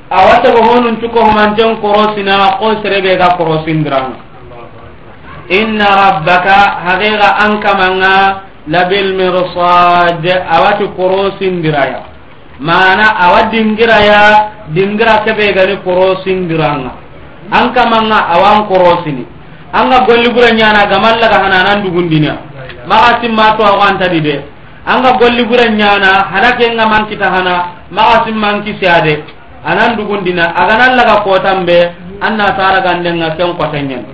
S2: awata go honun tuko manjon korosina ko serebe ga korosindran inna rabbaka hagira anka manga labil mirsad awati korosindiraya mana awadingiraya dingira kebe gani korosindiranga an kamanga awan korosini an ga golli bura nyana gamallaga hananan dugundina maka simma to awantadi de an ga golli bura nyana hanake nga mankita hana maka simma anki siade anan dugundina aganan laga kotambe anna tara gandenga ken kotanyen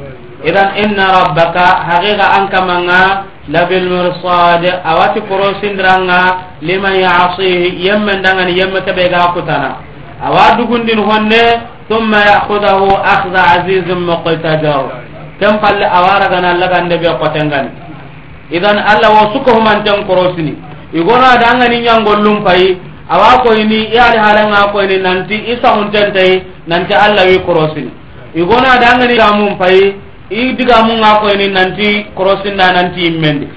S2: idan inna rabbaka haqiqa an kamanga labil mursad awati korosindranga liman ya'sihi yemma ndangani yemma kebega kutana awadugundin honne ثم يأخذه أخذ عزيز مقتدر كم قال أوارا غنا لك أن نبي قتنغن إذن ألا وسكه من تنقرسني يقول هذا أنني ينقل لنفاي أواكو إني يالي هالنغا كويني ننتي إسا من تنتهي ننتي ألا يقرسني يقول هذا أنني يقامون فاي إيدي قامون ننتي قرسنا ننتي إمندي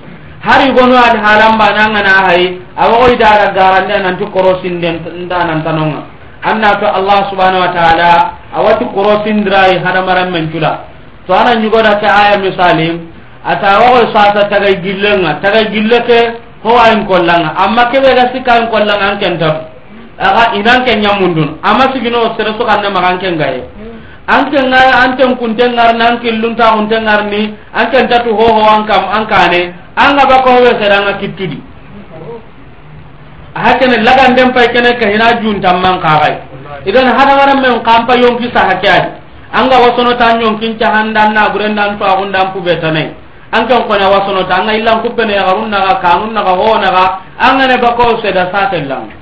S2: har igono ad halamba nanga na hay awo idara garande nan to korosin den da nan tanonga anna to allah subhanahu wa ta'ala awati korosindirayi hadamaran mencula to ana ñugoda ke aya misalim ata wahoy sasa tagay gillenga tagay gille ke howayin kollanga amma keɓe ga sikkayin kollanga ankentam aga inanke ñammundun amma sigino sere sokanne maganke ngaye ankenga anten kuntengarni ankillunta kuntengarni ankentatu hohowankam ankane angabakohowe seranga kittudi hakene laganden pay kene ka hina juntamman kaxay idan hadamaran men kampa yonki sahake adi anga wasonota ta handan nagurendan toagundan pubetanai an ken kone wasonota anga illan kuppene yaxarun naxa kanun naxa honaxa angane bako seda satellang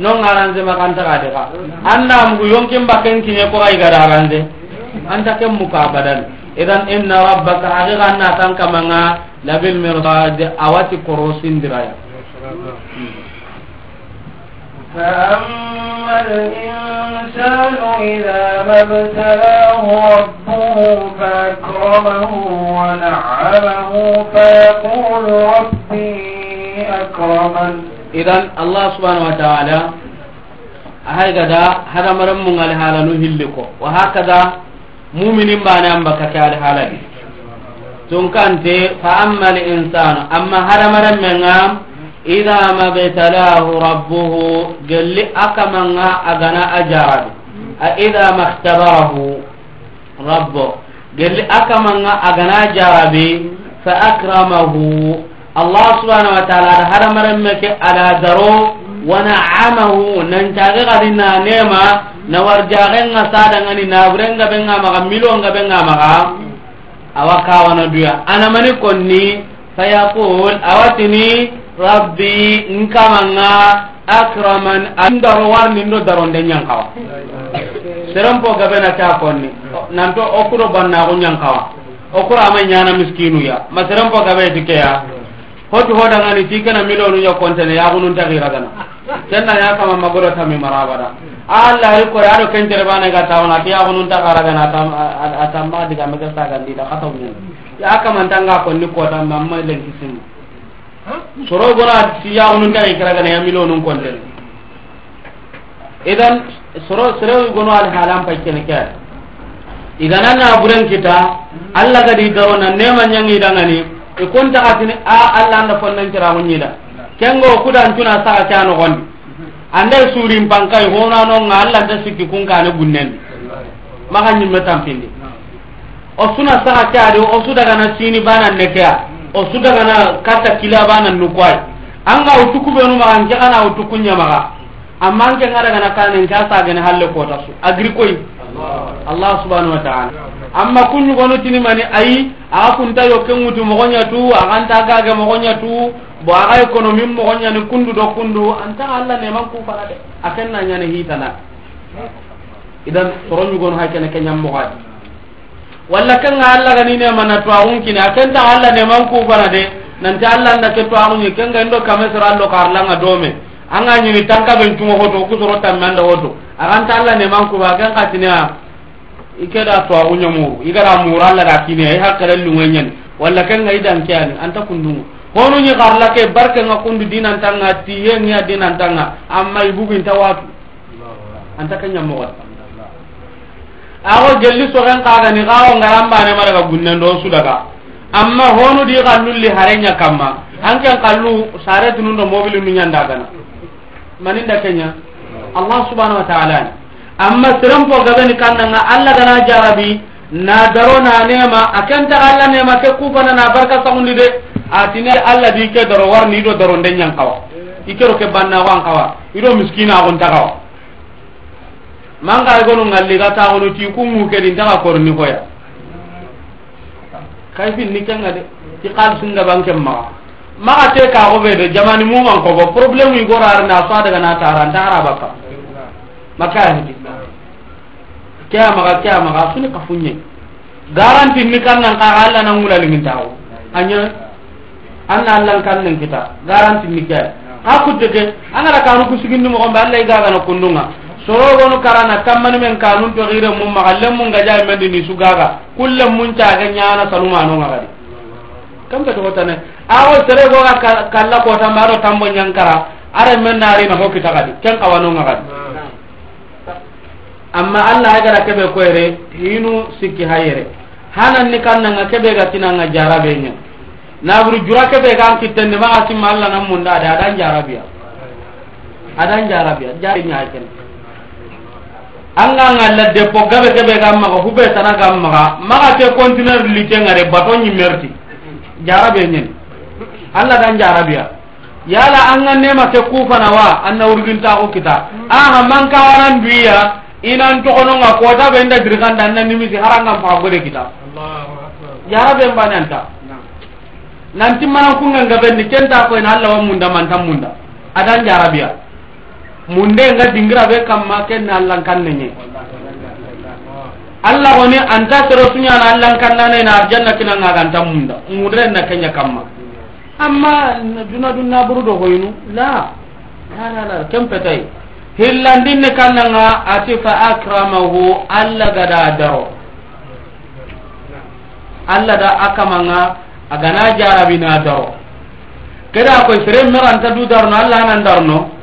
S2: non arrange makantaxade xa an namugu yonkin baken kine koxa igada arrange anta ken muka badal idan inna rabbaka haqiqa anna tan kamanga labil mirdad awati diraya.
S1: فأما الإنسان إذا ما ابتلاه ربه فأكرمه ونعمه
S2: فيقول ربي أكرمن إذا الله سبحانه وتعالى هكذا هذا مرم من الحالة نهلكو وهكذا مؤمن بانا أنبكا كالحالة تنكنت فأما الإنسان أما هذا مرم من إذا ما ابتلاه ربه قال لي أكمنا أغنى أجرد إذا ما اختبره ربه قال لي أكمنا أغنى جربي فأكرمه الله سبحانه وتعالى هذا مرمك على درو ونعمه ننتظر غدنا نيما غنى سادة غني نابرن غبن غمغا ملون غبن مغا أوكا وندويا أنا مني كوني فيقول أوتني rabbi nkamanga akraman andaro warni ndo seram po gabe na ta konni nanto okuro bannaku kawa okuro ama ñana miskinuya ma hoda ngani keya na milo ti kena milionu ya kontene yagununtakiragana kenna ya kama ta mi marabada alla ri yaro ado kentere bana ga tawna ti yagununtakaragana atamma digameke sagandida katawñen ya tanga konni ta mamma lenkisimu soro gora siyaxunun ta kiragana ya millionun contel idan soro serewi gono alhalan pa kene ke igana na buren kita allah gadi daro na nema nyangi dangani e konta atini a allah anda fonna kira mun yida kengo kudan tuna sa ka no gondi ande surin pankai hona no nga allah da sikki kun ka ne gunnen maka nyimme tampindi o suna sa ka ade o su daga na sini bana ne kya o sutagana katta kilabana nukoay anga utuku benu maga nke kana utuku nyamaga amma nke ngada gana kane nke asagene halle kota su agri koy Allah subhanahu wa ta'ala amma kunyu gono tini mani ayi aga kunta yoke ngutu mokonya tu aga nta gage mokonya tu bo aga ekonomi mokonya ni kundu do kundu anta alla ne man ku farade akenna nyane hitana idan toronyu gono hakene kenyam mokonya walla Allah ga ni ne mana to a kini ta Allah ne man ku bana de nan ta Allah nda ke to awun ni ga ndo kame sura allo karla nga dome anga ni ni tanka ben tumo hoto ku soro tamanda hoto ta Allah ne man ku ba kan katina ike da to agun mu igara mu alla da kini ai hakare lungenyen walla ga idan an anta kundungu honu ni garla ke barke nga kundu dinan tanga tiye ni dinan tanga amma ibugu inta watu anta mu wata ako gelli soken kagani kawo ngarambane mara ka gunnendo sudaka amma honu di kalluli harenya kamma anken kallu sare tunundo mobili nunyanda gana maninda kenya allah subhanahu wa ta'ala amma siram po gabeni kanna nga alla gana jarabi na daro na nema aken ta alla nema ke kufana na barka sangundi de atine alla di ke daro warni do daro ndenyan kawa ikero ke banna wan kawa ido miskina agon ta kawa manga gonu ngalli ga ta ko ti ku mu ke din ta ko ni ko ya kay fin ni kan ngade ti qal sun da banke ma ma te ka ko be de jamani mu man ko go problem yi gora ar na fa daga na ta ran ta ara baka maka ni ti ke ma ga ke ma ga sun ka funye garanti ni kan nan ka ala nan mula limin ta ko anya anna allan kan nan kita garanti ni ke ha ku de ke anara kanu ku sigin ni mo ko ba Allah ga ga na kundunga sorogonu karana kammanimen kanum pegire mum maxa lemmun gajay mendi ni sugaga kulle mun cage ñana salumanongagadi kam ke toxotane awo seregoga kalla kotamba aɗo tambo ñankara are men narina hokkita gadi ken awanongagadi amma allah hagara keɓe koyre hinu sikki hayere hananni kamnanga keɓe ga tinanga jarabe ñen naguri jura keɓe gan kittenni maga simma allah nan mun da ade aɗan jarabiya aɗan jarabiya jari ñakene anga nga la de po gabe gabe ga ma ko hubbe tan ga ma ga ma ga te container li te ngare bato ni merti jara be nyen alla dan jara biya yala anga ne ma te ku fa na wa anna urgin ta ko kita a ha man ka waran biya inan to kono nga ko ta benda dirkan dan nan ni mi si haranga pa go de kita jara be mba nan ta nan ti manan ku nga ga ben ni kenta ko en alla wa munda man tam munda adan jara biya munde nga dingira be kamma ken na allan kanne ne alla woni anta sero sunya na allan kanna ne na janna kina nga ga anta munda mudre na kenya kamma amma duna dunna burdo hoyinu la la la la kem petai hillandin ne kanna nga atifa akramahu alla gada daro alla da akamanga agana jarabina daro kada ko sere meranta du darno alla nan darno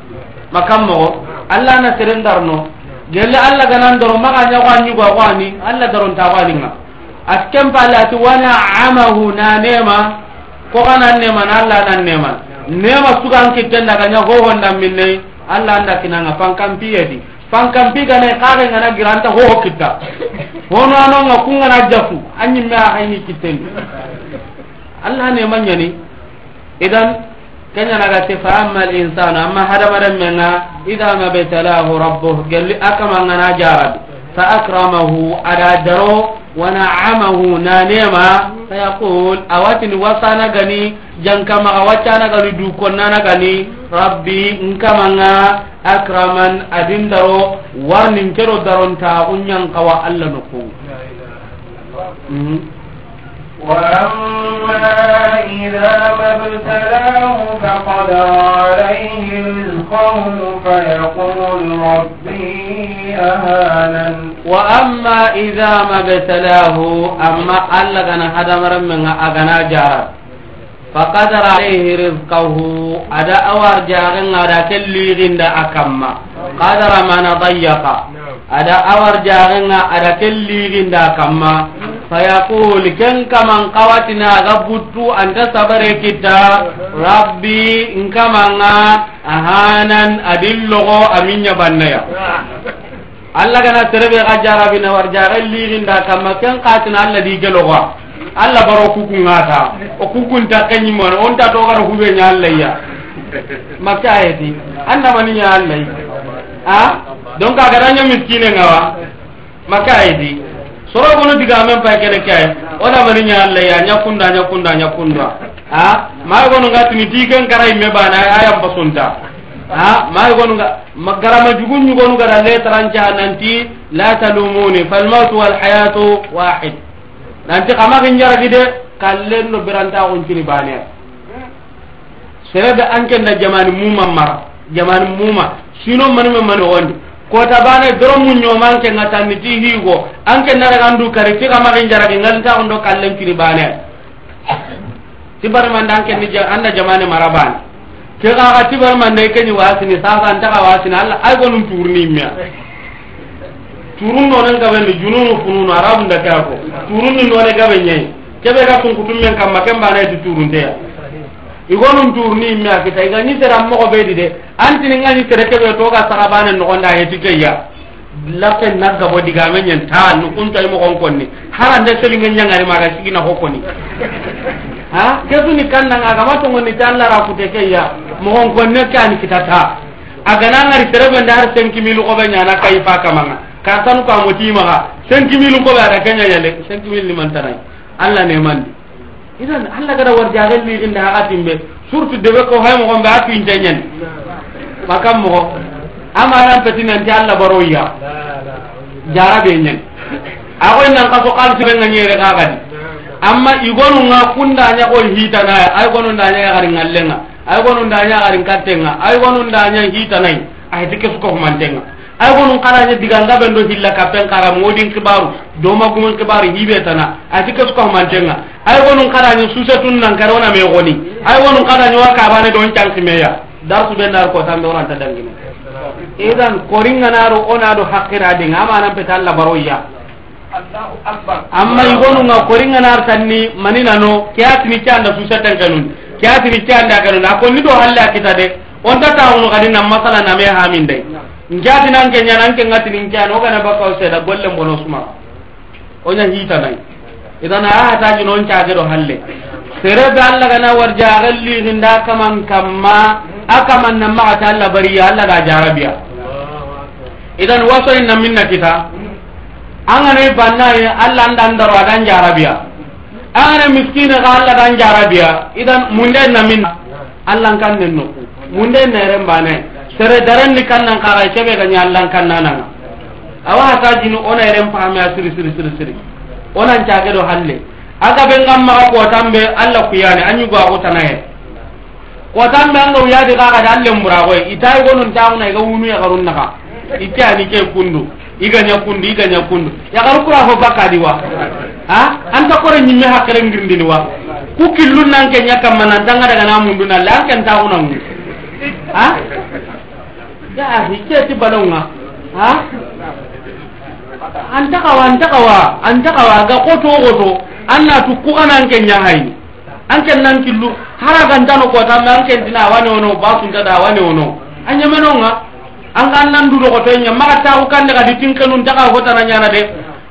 S2: ma kammogo allah na seren darno gelle allah ganan doro maga nyawa nyugo wani allah daron ta wani nga askem pala ti wana amahu na nema ko kanan nema na allah nan nema nema sugan kitten daga nyago honda minne allah anda kinanga pangkam piyedi pangkam pi gane kare ngana giranta ho ho kitta
S3: hono ano nga
S2: kunga na jafu anyi me a kaini kitten allah nema nyani idan kenya naga ti fa amma al insanu amma hada madan menga ida ma betalahu rabbuh galli akama ngana jarabi fa akramahu ada daro wa na'amahu na nema fa yaqul awatin wasana gani ma awatana gani dukon nana gani rabbi nkamanga akraman adin daro wa ninkero daron ta unyan kawa allah
S1: وأما إذا ما ابتلاه فقدر عليه رزقه فيقول ربي أهانا
S2: وأما إذا ما ابتلاه أما ألغنا هدمر من أغنى جارا فقدر عليه رزقه أدا أوار جارن أدا كلي غند أكما قدر ما نضيق نعم. أدا أوار جارن أدا كلي غند أكما fayaqul ken kaman qawatina gabuttu anta sabare kita rabbi in kamanga ahanan adillogo aminya bannaya allah gana terebe gajara jarabina war jaral liginda kama ken qatina allah digelogo allah baro ngata o on kukunta kenyimon onta togara huɓeña allahya makka ayeti andamaniña allahy a ah? donc agadaña miskine ngawa makka ayeti diga digamen pa kene kay ona oda nya alle ya ñakunda ñakunda ñakunda a mayi gonu ngati ni tiken kara imme bana ayam basunta ah, mayi gonu nga ma jugun gara le taranja nanti la talumuni wal hayatu wahid nanti xamaki njaragi gide kallen no berantaxuncini baneya serebe anken da jamani muma mar, jamani muma sino manume mani kota bane doro mu ñoman ke nga tanni ti higo an ke nara gandu kare ti kama ken jarage ngal ta ondo kallen kini bane ti barman dan ke ni anda jamane maraban ke ga ga ti barman dai ken wasini sa sa anta ga wasini alla ay gonum turni miya turun no nan be ni jununu fununu arab da ka ko turun ni no ne be nyai be ga kun kutum men ma ken bane ti turun te ya igonun turni imme akita iga nitera mogobedi de antini nga nitere keɓe toga sarabane nogonda hetikeya lake naggabo digame ñen ta nu kuntoy mogon konni hara nde selinge ñangari maga sigina fokoni a kesuni kannangagama togoni tan lara kute keya mogon konne ke ani kita ta agana ngari terebe nde har cinq mille koɓe ñana kayi fa kamanga ka sanu kamotimaxa cinq mille koɓe ada keñayale cinq mille ni mantanay allah ne mandi idan alla gada war jagel mi inda ha timbe surtout de ko hay mo gombe atu intenyen makam mo petin nanti alla baro ya jara be nyen akoy nan kaso kal sibe nganyere ka kadi amma igonu nga kunda nya ko hita na ay gonu nda nya gari ngallenga ay gonu nda nya gari katenga ay gonu nda nya hita nai ay ko suko mantenga ay gonun qaranya diganga bendo hilla kapen qara modin kibaru do ma gumun kibaru hibe tana ati kes ko mantenga ay gonun qaranya susatun nan karona me goni ay gonun qaranya wa ka bane don tanki meya dar su benar ko tambe onan ta dangine idan koringa naro onado hakira de ngama nan petalla baroya
S3: amma igonu
S2: nga koringa nar tanni manina no kiati ni kyanda susatan kanun kiati ni kyanda kanun akon ni do halla kita de on ta tawo no kadin nan masala na me hamin dai njaati nanke ñananke ngatinin ke ani ogana bakkaw seeda golle mbono suma oña hiitanayi idan ahataajino ncaagedo halle sere be allah gana war jaaxe liixinda kaman kam ma a kaman na maxate allah bariya allah ga jarabiya idan wasoyin na min na kita angane bannaye allah an dandaro adan jarabiya angane miskine ka allah dan jarabiya idan munden na min allah n kan nen noku munden na eren baanaye sere darandi kannan kara keɓe ga ñallan kannananga awa ha sajini ona eren paame a siri siri siri siri onancage ɗo halle aga ɓe gam maxa kootanɓe allah kuyane añugo axutana he kootanɓe anga wiyadi kaxade allen mburaxoye itay gonun taxuna iga wunu yaxarun naxa ittani ke kundu igaña kundu igaña kundu yaxaru kura fo bakkadi wa a anta kore ñimme xa kere ngirndini wa ku killunnanke ñakkamma nantanga daganamundunalle anken taxunangu a ya ahi keti balonga ha antakawa antakawa antakawa ga koto koto anna tu kuana anke nyahai anke nan kilu hara gandano ko tamba anke dina wani ono basu ngada wani ono anya menonga anga nan du ko tenya maka ta ku kande ga ditinke nun daga ko tan nyana de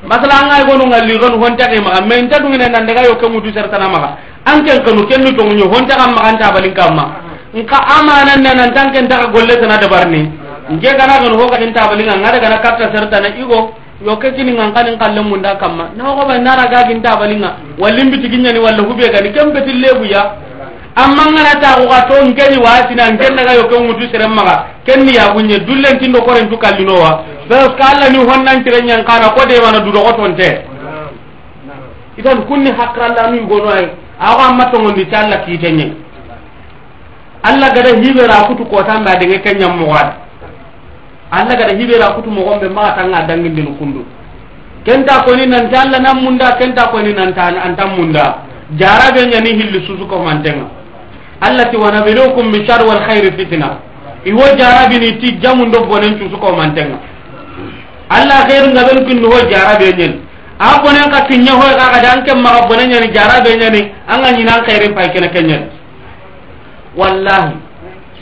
S2: masala anga ko nun ngali ron hon ta ke ma amme nta dungene nan daga yo kemu du serta na maka anke kanu kenu to nyu hon ta kam maka nta balin kam ma nka amana na nan tanke ntaka golle tana da barni nge kana kan hoga tin tabalinga ngada gana katta serta na igo yo ke kini ngan kanin kallan mun kamma na ko ban nara ga gin tabalinga wallin bitiginya ni wallahu hube ga ni kam betil lebu ya amma ngana ta ko to ngeni wati na ngen daga yo ko mutu serem maga ken ni ya gunye dullen tindo ko ren tukallino wa bas kala ni honnan tirenyan kana ko de mana dudo ko tonte idan kunni hakran la mi gono ay awa amma to ngondi ki kitenye allah gada hiɓera kutu kotanɓe a dege keñammoxoaɗa allah gada hiɓera kutu mogon ɓe maxatanga a danginɗinu kundu kenta koni nanti allah nanmunda kenta koni nanta anta munda jaraɓe ñani hilli susukomantenga allah ti wanabilukum min shar walhayre fitna iwo jaraɓini ti jamundo bonen cusukomantenga allah xeerungaɓen kinnu ho jaraɓe ñani a bonen ka kinñahoy ka kadi an kem maxa bone ñani jaraɓe ñani anga ñinan xeerin pay kene ke ñani wallahi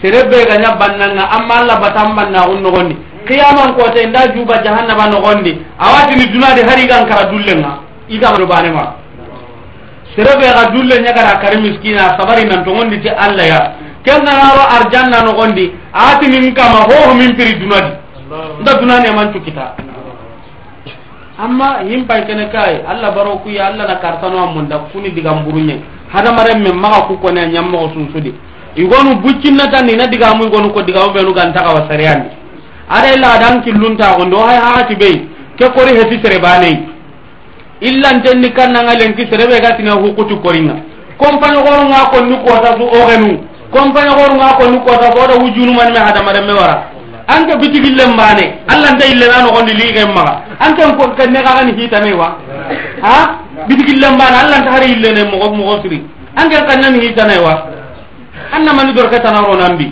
S2: serebega ña bannanga amma allah batan bannaxun nogondi kiyaman kote nda juba jahannaba nogondi awatini dunadi harigan kara dullenga igamano banema serebega dulle ñagara kari miskina sabari nantogondi ti allah ya kennaaro arjanna nogondi awatinin kama hoho min piri dunadi
S3: nda dunaneman
S2: cukita amma himpay kene kay allah baro kuya allah na kartanoa munda kuni digamburuñe hadamaren men maga kukone ñammoxo sunsudi igonu buccinnatanni na digamu igonu ko digamu ɓenu gantakawa sareyandi aɗa ladan killuntagondi o hay haati ɓey ke kori heti sere baneyi illanteni kannanga lenki sereɓe gatine hukutu koringa compagne gorunga konni kotasu ogenu compagne gorunga konni kotasu oɗa wujunumanime hadamaremme wara anke bitigillen bane allante illena nogondi ligigen maga ankekenegaan hitane wa a bitigillen bane allante hari illene mogo siri anke kannan hitane wa annamani dorke tanaronambi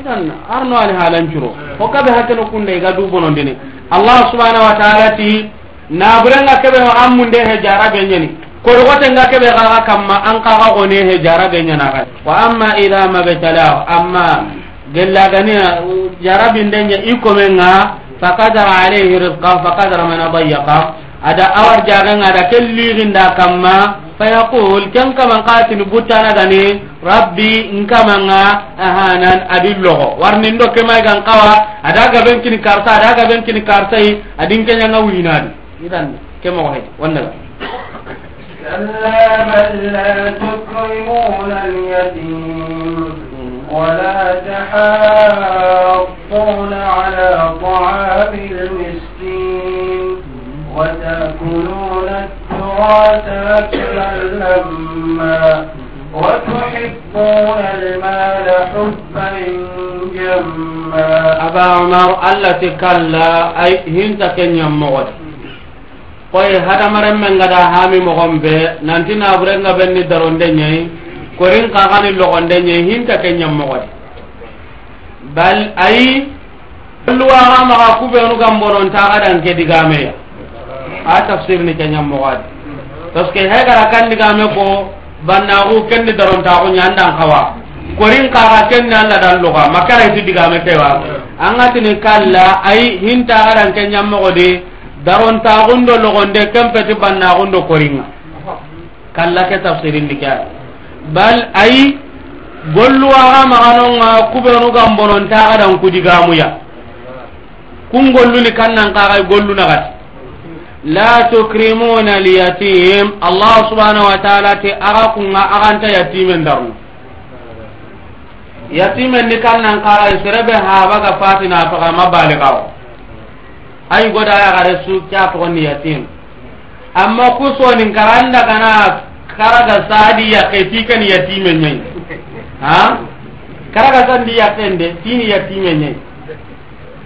S2: idan arno ani halancuro hokka ɓe hakkeno kunde ga dubonondini allah subhanau wa taala ti naburenga keɓe o ammunde he jarabe ñani korogotenga keɓe kaga kamma an kaga gone he jarabe ñanaka wa amma ila mabetalaho amma gellagania jarabindeña i komenga fakadara alayhi risqa fakadara mana bayyaka ada awar jagenga ada kelliginda kamma fayaqul ken kaman katini buttana gani rabbi nkamanga ahanan adi warni ndo kema kemay gan kawa ada gaben kini karta ada ben kini karta yi adin kenya nga winadi idan kema wahi wanda la
S1: ولا تحاضون على طعام المسكين وتأكلون التوراة أكلا لما وتحبون المال حبا جما
S2: أبا عمر التي كلا أي هنت كن يمغد koy hada hadamaren men ngada hami mo gombe nanti na naburenga benni daronde ñayi korin lo gonde ñayi hinta ke nyam mo ñammogodi bal ay luwa ha ma ku be ayi luwaxa maxa kuɓenu gambonon taxadanke digameya a tafsir ni ke nyam mo ñammogadi parce que hegara kandigame ko bannaku kendi darontaku ñandan kawa korin kaka kenni alla dan luga makaraiti digame kewa angatini kalla ayi hintaaranke ñammogodi darontakundo logonde kempeti bannakundo koringa kalla ke tafsirindike bal ayi golluwaka maganonga kubenu gambononta kadan kudigamuya kun golluni kannan kakai gollunagati la tukrimuna liyatim allah subhanahu wa ta'ala te aga kunga aganta yatimen darnu yatimen ni kan nan kara serebe ha baga fatina faga mabali kawo ay goda ya gare su kya to ni yatim amma ku so nin karanda kana karaga sadi ya kai kan yatimen nyai ha ya tende tini yatimen nyai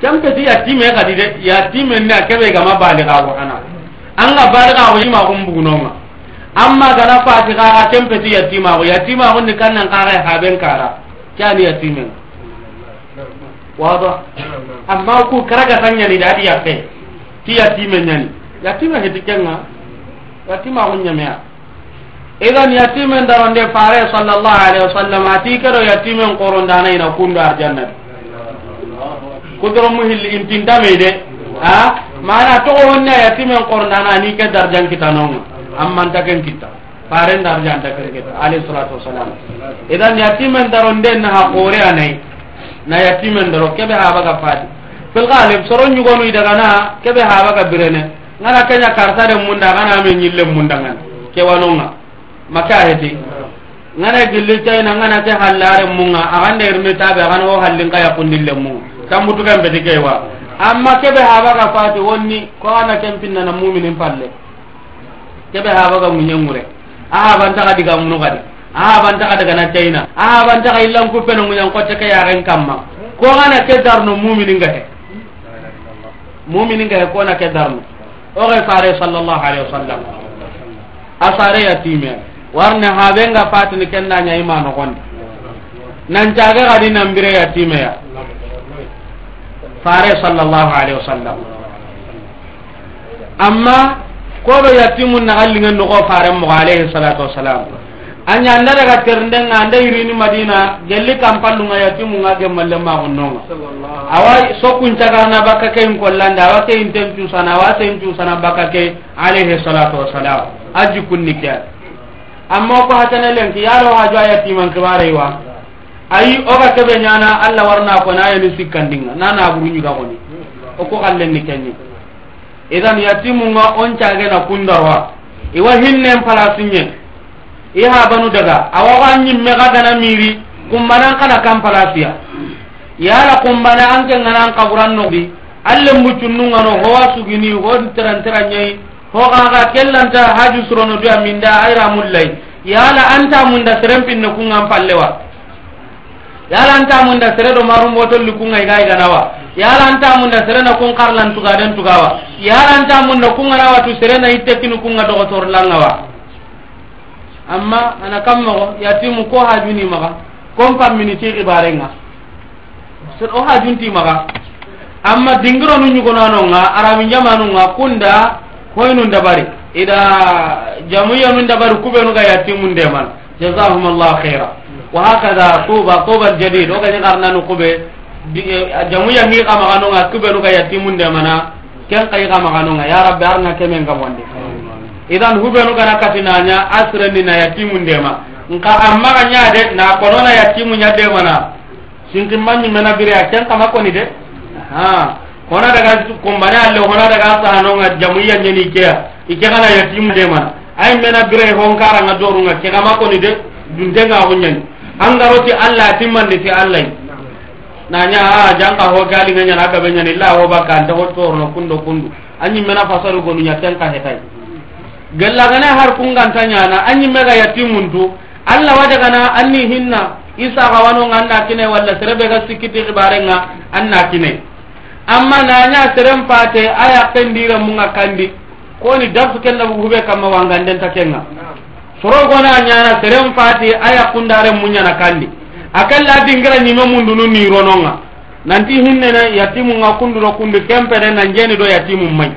S2: kam ke ti yatime ka dide yatimen na kebe ga mabali kawo ana anga barga ko yima ko mbuguno ma amma gana faati ka ka tempe ti yatima ko yatima ko ni kannan ka ka ha ben kara kyani yatimen wada amma ku karaga tanya ni dadi yape ti yatimen nyani yatima he ti kenga yatima ko nyamea idan yatimen da ronde fare sallallahu alaihi wasallam ati kero yatimen koron dana ina kundo arjannat kudro muhil intinda meide ha mana togo honne yatimen kornana ni ke darjan kita nonga ammantaken kitta fare darjantaken kita alayhi salatu wasalam idan yatimen daro nden naha kore anayi na yatimen daro keɓe habaga fati filgalim soro ñugonu idagana keɓe habaga birene ngana keña karta de munda gana me ñille munda ngan kewanonga make aheti ngana gilli cayna ngana ke hallare munga aganda irmitaɓe agana o hallinka yakundille mu tambutukembeti kewa amma keɓe habaga fati wonni ko ana kempinnana muminin palle keɓe habaga muñenŋure a habantaxa diga munuxadi a habantaxa dagana teina a habantaxa illankuppene muñankotte ke yaxen kamma ko ana ke darno muminingahe muminingahe kona ke darno oxe fare sal llahu alayhi wa sallam a sare yatimen warne habenga fatini kennañaima noxondi nancage xadi nanbire yatimeya faare sallallahu alayhi wa sallam amma ko do yatti mun na halli ngendo ko faare mo alayhi salatu wa salam anya anda daga terende nga anda irini madina gelli kampalu nga yatti mun nga gemma lemma onno awa so kun taga na baka ke in kollanda awa ke in tempu sana awa ke in tu sana baka ke alayhi salatu wa salam aji kunni amma ko hatana lenki yaro ha jo yatti man kibare wa ayi oga keɓe ñana allah warna kone ayeni sikkandinga nanaguruñiga koni oko xallenni kenñi idan yatimunga on cagena kundarwa iwa hinnen palasiñe i ha banu daga awaxo an ñimme xa gana miri kumbanan xana kan palasiya yala kumbane an ke ganan xaburan noxdi allen mbuccunnungano howa sugini ho terantiranñayi hoxaxa kellanta haju surono duya minda ayramullay yala anta munda serenpinne kungan pallewa yalantamunda sereɗo marumbotolli kungaygaiganawa yalantamunda serena kun karlantugaden tugawa yalantamunda kungarawatu serena ittekkini kunga dogotorlangawa amma ana kam mogo yatimu ko hajunimaga kon pamminiti ibarenga o hajuntimaga amma dingiro nu ñugonanonga arami jamanunga kunda hoynu dabari ida jamuyanu dabari kuɓenuga yatimu ndemal jazahum llah hira wa hakada tuba tuba jadid o ga nyar na nu kube jamu ya hiqa ma kanu nga kube nu ga yatimun de mana ken kai ga ma kanu nga ya rabbi ar nga kemen ga wonde idan hube nu ga rakati na nya asren ni na yatimun de ma nka amma ga nya de na korona yatimun nya de mana sinki man ni mena bire ya ken kama koni de ha kona daga kumbane alle kona daga sa no nga jamu ya nyeni ke ike kana yatimun de mana ay mena bire honkara nga doru nga ke kama koni de dunde nga hunyani an garo ti allah a timmandi ti allah naña a ah, janga ho gali nga ñana gabe ñani la ho bakka an taxo torono kundo kundu a ñimmena fasaru gonu ñatten ka hetay gella gane har kunganta ñana a ñimme ga yatti muntu allah wa dagana anni hinna isa ga wano nga anna kine walla serebe ga sikkiti xibare nga anna kine amma naña seren pate a yaqen ndiramunga kandi koni darsu kenna bugu be kamma wanga ndenta kenga sorogona ñana seren fati aya kundare muñana kandi akalla dingira ñime mundunu nironoga nanti hinnene yatimuga kunduro kundu kempene nanjeni do yatimu may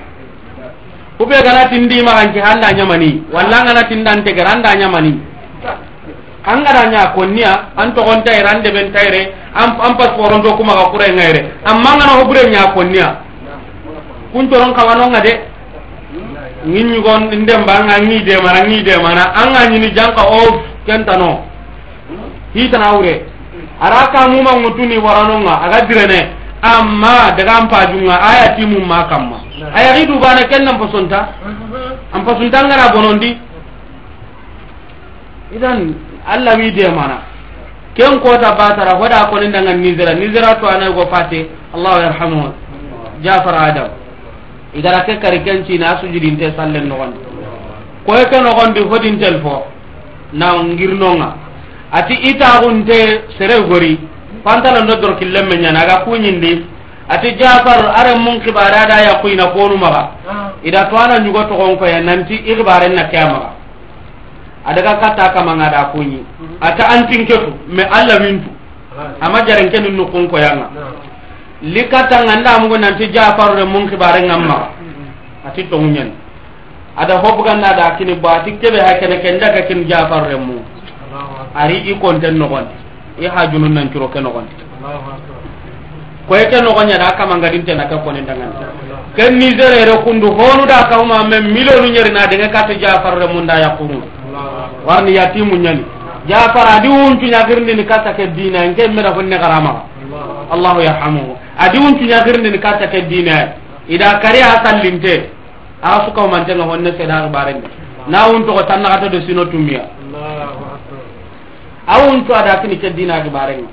S2: kube ganati ndima anke handa ñamani walla ganati ndantegere anda ñamani an gara ña konniya an togontayre an deɓentayre an passeportonto kumaga kurengayre amma gana hoɓure ña konniya kuncoron kawanoga de ngin yugon ndem banga ngi de mana ngi de mana anga ni janka o kentano hita na ure araka mu ma ngutuni waranonga aga direne amma daga ampa junga aya timu makamma aya hidu bana kenna posonta am nga ngara bonondi idan alla mi de mana ken kota batara tara ko ninda ngan nizara nizara to anay go fate allah yarhamu jafar adam igara ke kari ken cina a sujudinte salle nogondi koye ke nogondi fodintel fo na ngirnonga ati itagunte sere gori pantalon do dor killemme ñana aga kuñindi ati jafar are mun xibare ada yakuina konu maga ah. ida toana ñugo togon koya nanti i xibaren na ke maga adaga katta kamanga da kuñi mhm. ata antinketu mais allah wintu ama jarenkeni nukun koyanga ah. likata nganda amugo nanti jafar re mun kibare ngamma ati to ada hobu ganna da kini bati kebe hakene kenda ka kin jafar re mu ari i konten no gon i hajunun nan kiro ken no gon ko yake no gon yana kama ngadin tena ka konen dangan ken ni zere re kundu honu da ka ma me milonu nyeri na de ka to jafar re mun da yakuru warni yatimu nyani jafar adi untu nyagirni ni kata ke dina nke mera honne garama allahu yarhamuhu adi wuncuñahirndini katta ke dine ay ida kari a sallinte aa sukamantenga honne sedaxibarendi na wuntoxo tannaxata do sino tumiya a wuntu adakini ke dine axibarenga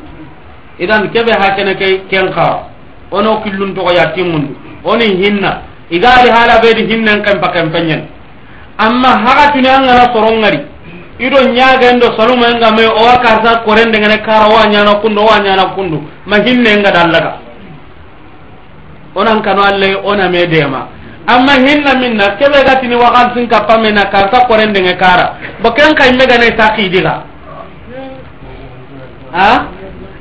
S2: idan keɓe xa kene ke ken xa ono killuntoxo yattimundu oni hinna igaali hala ɓedi hinnen kempa kempeñen amma haxatuni a ngana sorongari ido ñagendo salumo enga me owa karta korendengene kara owa ñana kundu owa ñana kundu ma hinne nga dallaga onankano allay ona me dema amma hinna minna keɓe gatini waxan sin kappamena karta korendenge kara bo ken kaimmegane ta xidiga a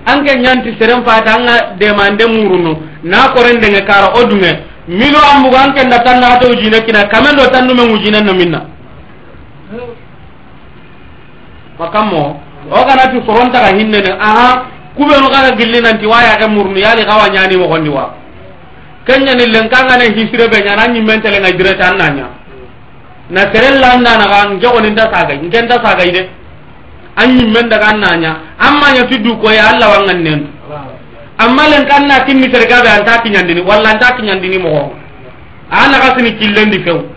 S2: anke ñanti seren fata anga demande murunu na korendenge kara o dume milo ambugo anke ndatannaatowujine kina kamen do tannumen wujinenno minna fa kammo oganati sorontaga hinnene aha kuɓenu xaga gillinanti wayaxe murnu yali xawa ñanimoxondi wa kenñani lenkangane hisireɓe ñana ñimmentelenga direte an naña na sere lannanaxa njegoninta sagay nkenta sagay de a ñimmen daga an naña an mañati dukoye an lawangan nentu amma lenkan na kinni sergaɓe anta kiñandini walla anta kiñandini moxoxo a naxa sini killendi few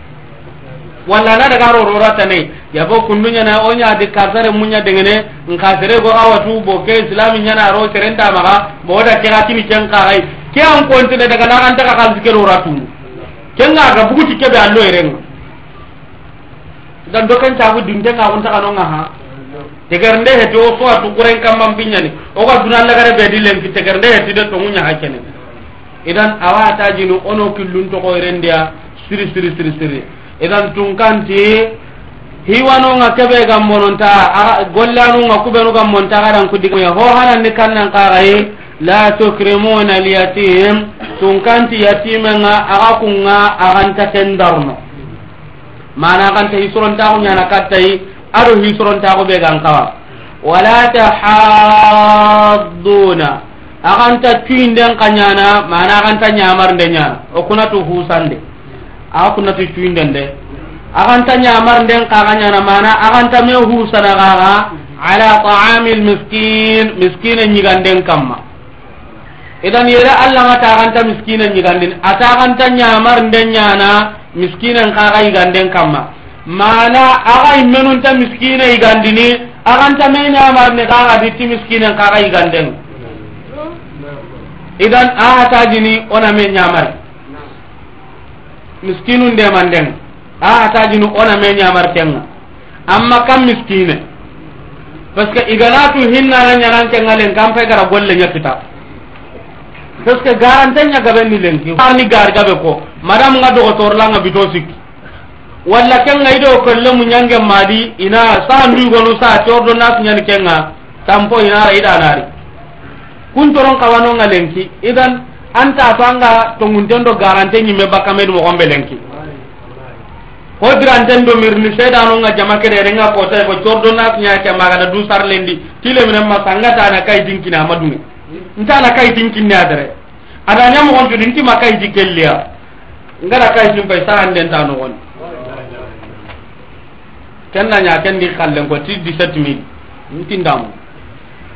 S2: walla na daga roororatane yabo kundunya na onya de kazare munya dengene nkazare go awatu boke islami nyana ro kerenta maga boda ke gati mi cenka hay ke an kontine daga na kan daga kalzi kero ratu kenga ga buguti kebe allo erenga dan dokan tabu dinde ka wonta kanu ngaha tegernde he to so atu kuren kambam binyani o ga dunan lagare be dilen ki tegernde he to ngunya hakene idan awata jinu ono killun to ko erendia siri siri siri siri idan tunkanti hiwanunga keɓe gambononta gollanunga kuɓenu gambonta garankudiya ho hananni kannan kaxayi la tukrimuna alyatim tunkanti yatimenga aga kunga aganta ken darno mana aganta hisorontaxuñana kattayi aɗo hisorontaxuɓe gan kawa wala tahadduna aganta cuinden kañana mana aganta ñamarnde ñana o kunatu husande aga kunatu cuinden de, nyana, de. Nyana, aganta ñamarnden kaxañana mana aganta me husanaxaxa ala ta'amil miskin miskin miskine ñiganden kamma idan mata yere allanga taxanta miskine ñigandin ataxanta ñamarnden ñana miskinen kaxa yiganden kamma mana axay menunta miskine yigandini axanta me ne kaxa ditti miskinen kaxa yiganden idan a hatajini ona me ñamari miskinu ndemanden a atajinu oname ñamar kenga amma kam miskine parce que iganatu hinnana ñanan kenga len kam fegara golle ñakkita parce que garante ñagabenni lenki arni gar gabe ko madame nga dogotorlanga bito sikki walla kenga ido kollemu ñangen madi ina sa ndugonu sa corɗo nasuñani kenga tampo inara iɗanari kun toron kawanonga lenki idan anta to anga tongunten do garante ñimme bakkamedi mogonɓe lenki ko diranten do mirni seedanonga jama ke renga potay e ko cordo nasñake e magana du sarlendi tilemnenma sangatana kay dinkine ama dume ntana kay dinkinne adere ada ñamogoncudi ntima kay di kelliya ngara kay simpay sahandenta nogoni kenna ñaken di kallen ko ti 17 mille ntindamu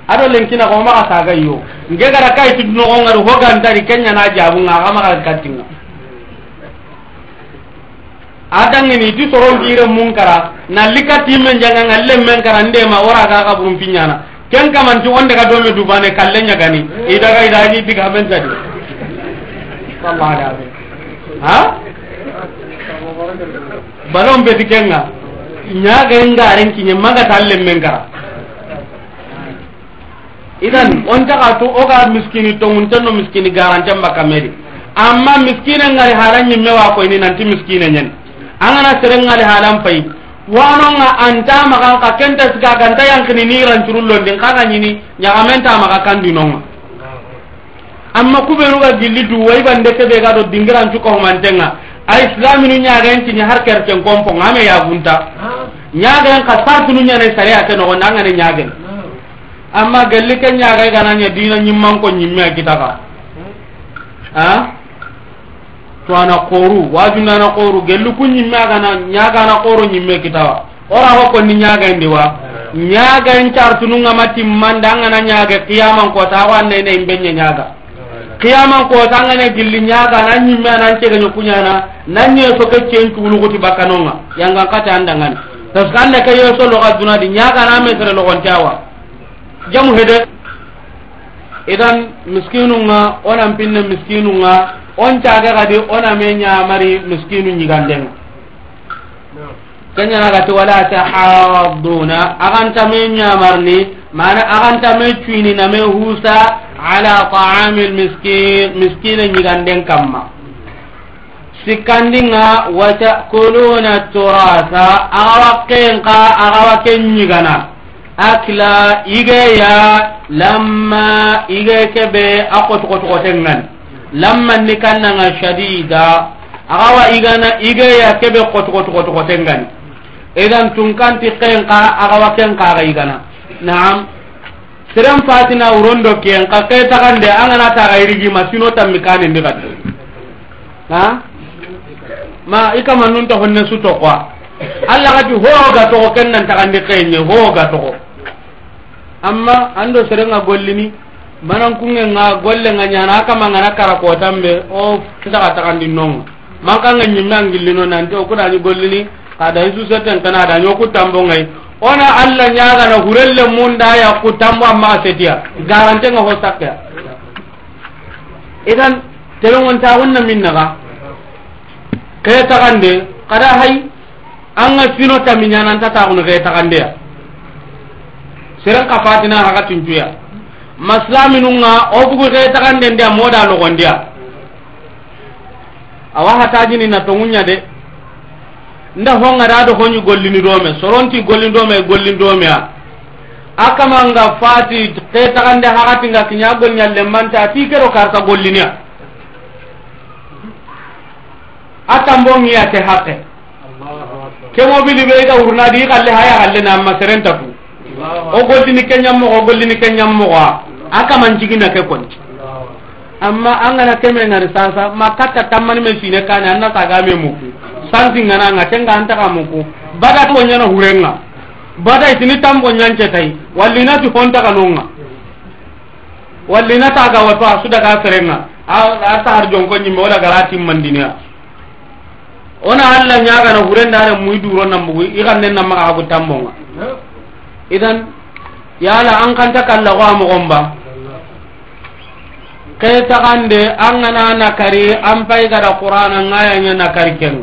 S2: ado lenkina ko maxa sagay yo nge gara kay tid nogongar hogantari kenñana jabunga axa maxar katinga adangini ti soron ire mun kara na lika timme janga ngalle men kara nde ma ora ga ga bun pinyana ken kaman ti onde ga do me dubane kalle nya gani ida ga ida ni diga men tadi ha balon be dikenga nya ga nda ren ki nyemma ga talle men kara idan on ta ga to o ga miskini to mun tanno miskini garan jamba kamedi amma miskine ngari haran nyimme wa ko ini nanti miskine nyen angana serengale halam pay wanonga anta maga ka kenta siga ganta yankini niran turullo ndin kaga nyini nyaga menta maga kandinonga amma kube ruga gilli du way bande ke be gado dingiran tu ko mantenga ay islam ni nyaga enti ni har ker ken kompo ngame ya gunta nyaga en ka sartu ni nyane sariya ke no ndanga ni nyaga amma galli ken nyaga gana nya dina nyimman ko nyimme kita ka ha to ana qoru wajunana qoru gellu kunyi magana nyagana qoru nyimme kitawa ora hokko ni nyaga indi wa eh. nyaga en chartu nunga mati mandanga na nyaga qiyamang ko tawa ne ne imbenye nyaga qiyamang eh. ko tanga ne gilli nyaga na nyimme na nche ganyo kunyana na nye so ke chen tulu kuti bakanonga yanga kata andangan eh. tas kanne ke yeso lo ga duna di nyaga na me tere lo kon tawa jamu hede idan miskinunga onam pinne miskinunga on caage xadi oname ñamari miskinu ñigandenga keñanagati wala tahaduna axantame ñamarni mana axantame cuini name husa ala taami miskine ñiganden kamma sikkandinga watakuluna turasa axawakkenga axawake ñigana akla igeya lamma ige kebe a xotuxotuxotengani lamman ni kannanga shadida awa igana igeya kebe kotokotokotokotengani idan tunkanti kenka awa kenkaga igana naam seren fatina wurondo kenka ketagande anganataga irigima sino tammi kanindi gadi a ma ikamanuntohonne sutokwa allah gati hooga togo kennantagandi kenye hooga togo amma ando serenga gollini manan kunge nga golle nga nyana aka manga na kara ko tambe o kita kata kan di nong maka nga nyimna ngilli no nanti o kuda ni golle ni kada isu seten kana ada nyoku tambo ngai ona alla nyaga na hurelle munda ya ku tambo amma setia garante nga hosak ya idan tebe ngon ta wonna minna ga kaya kande kada hai anga fino ta minyana ta ta kuno kaya kande ya sereng kafatina haka cincu ya maslaminunga o bugu xe taxanden ndi a mooda logondi'a awa xatajini na toguña de nda honga da do honi gollini dome soronti gollin dome e gollin dome a a kamanga fati xe taxande xaxatinga kiña golña lemmante a ti kero karta gollini'a a tambongi'a te xaqe ke mobili ɓe ga wurnadi i xalle haya xalle na ma serentatu o gollini ke ñammoxo o gollini ke ñammoxoa akaman jigina ke kon amma angana keme ngar sasa ma katta tammani me fine kana anna saga me mu santi ngana nga tenga anta ka mu ku bada to nyana hurenga bada itini tambo nyanche tai wallina ti honta ka nonga wallina taga wato asuda ka serenga a ta har jonko nyi me wala garati mandinia ona alla nyaga na hurenda re mu iduro nambu i kan nenna ma ka ku tambonga idan yala an kan kanta kallago a mogonba ke taxande an gana kari an pay gada qur'ana ngayaña nakari kenu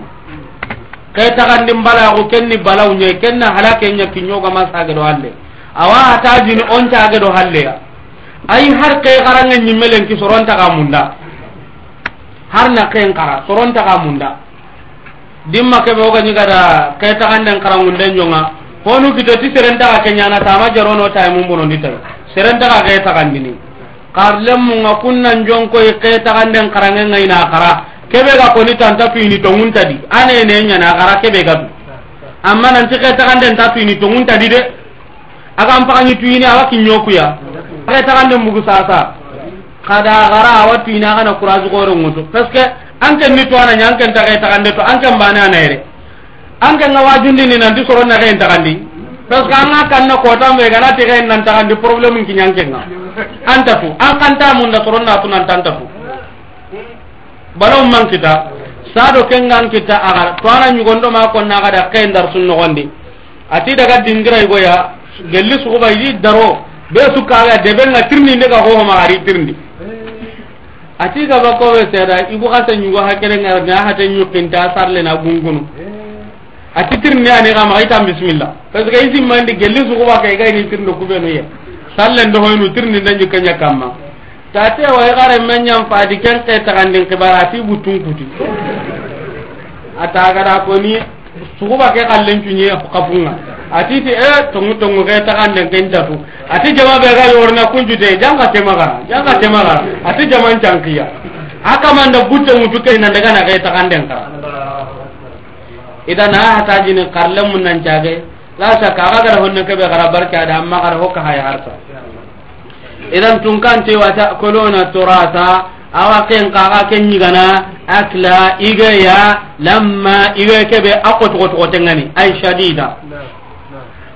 S2: ke taxandi mbalaxu kenni balawñe kenna halakeña ga do halle awa jini on ta do halle ay har ke xarange ñimmelenki ga munda har na ken xara ga munda dimma keɓe ogañigada ke taxanden xarangunde nyonga fonu kitoti serentaxa ke ñanatama jarono taimumbonondi tawi serentaxa xe taxandini xar lemmunga kun nan jonkoy xe taxanden xarange ngayina xara keɓe ga koni tanta fini tonguntadi anene ñana xara keɓe gatu amma nanti xe taxanden ta fini tonguntadi de agan paxañituini awa kinñokuya xe taxanden mugu sasa kada gara awa tuina kana kurazu gore ngoto parce que anken ni to ananya anken ta kay takande to anken bana na ere anke nga wajundi ni nanti soro na xeen taxandi parce que anga kan na koota mbe gara ti xeen nan taxandi problème ki ñanke nga anta fu an kan ta mun da soro na tu nan tanta fu balo man kita sado ken ngan kita aga to ana ñu gondo ma kon na gada xeen dar sun no gondi ati daga dingira yugo ya gelli su ba yi daro be su kaaga debel na tirni ndega ho ma ari tirni ati ga ba ko be seda ibu xa ta ñugo ha kene ngar ga ha ta ñu kinta sarle na gungunu a titirni ani xa maxa itan bismillah parce que i simmandi gelli suguba ka igayini tirni kubenu ye sallende hoynu tirni de njikke ñakkanma tate wa xare me ñam fadi ken ketaxandin xibara ti buttunkuti a tagada koni suguba ke xallencuñe xafunga ati ti e tongu tongu xe taxanden ken catu ati jama be ga yorna kunjude janga temaxara janga temaxara ati jaman cankiya a kamanda buttengutu kenandegana xe taxanden xa idan a hatajini karle mun nan jage la shakka aga gara honne kebe gara barka da amma gara hokka hay harta idan tun kan te wa ta kolona turata awa ken ka ga ken nyigana akla ige ya lamma ige kebe akot got got ngani ay shadida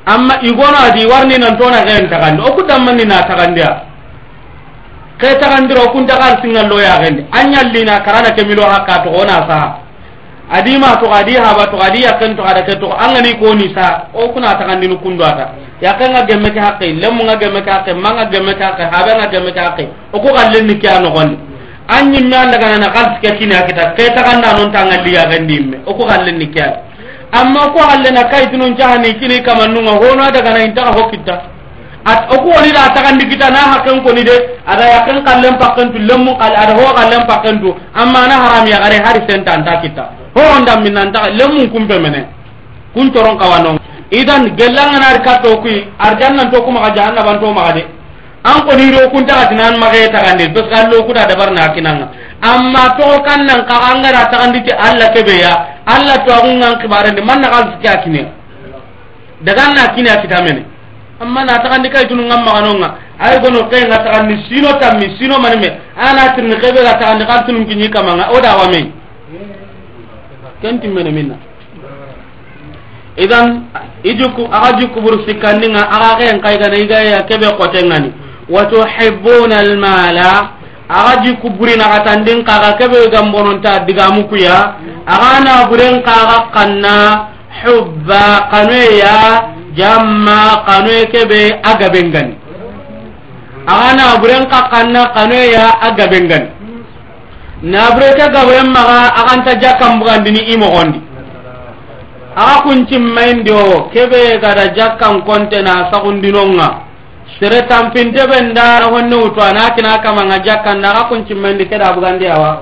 S2: amma igona di warni nan tona ken tagandi o kudam man ni na tagandi ya ke tagandi ro kun tagar singal lo ya gende anyalli na karana kemilo hakka to ona sa adima to adi haba to adi yakkan to ada to angani ko ni sa o kuna ta kandinu kundu ata yakkan ga gemme ka hakke lemu ga gemme ka hakke manga gemme ka hakke haba ga gemme ka hakke o ko kallen ni kya no gon anyin na daga na kan ska kini akita ke ta kanda non ta ngali ya gandimme o ko kallen ni kya amma ko kallen na kai tunun jahani kini kamannu ngo hono daga na inta ho kita at oku oni da ta kandi kita na hakkan ko ni de ada yakkan kallen pakkan tu lemu kal ada ho kallen pakkan tu amma na haram ya gare hari sentan ta kita hoo ndammi nantaxa lemmum kumpe mene kun coron kawanon idan gellanganaari katto kuy ar jannanto kumaxa jahannabanto maxa de an koni ro kuntaxatina an maxee taxandi parce que allo kuta dabarna akinanga amma toxo kan nan ka angana taxanditi allah keɓeya allah toaxungan xibarendi man naxa lusike a kine dagan na kine a kita mene amma na taxandi kaytunungan maxanonga ay gono kenga taxandi sino tammi sino manime ana tirni xeɓega taxandi xaltunungkiñi kamanga o dawa meyi kentimmene minna idan ijuku aga jukku buru sikkandinga aga xeen kaygana igaya keɓe qotengani watuhibuna almala aga jukku burinaxatandin kaga keɓe gambononta digamu kuya aga naburen kaga kanna xuba kanoeya jamma kanoe keɓe a gaɓengani aga naburen ka kanna kanoeya a gaɓengani naabureta gawren maga aganta jakkanbugandini i mogondi aga kuncimmaindi o keɓe gada jakkan kontena sagundinonga sere tampinte ɓe ndara honne wutu ana kina kamanga jakkan da aga kuncimmaindi keɗa bugandi awa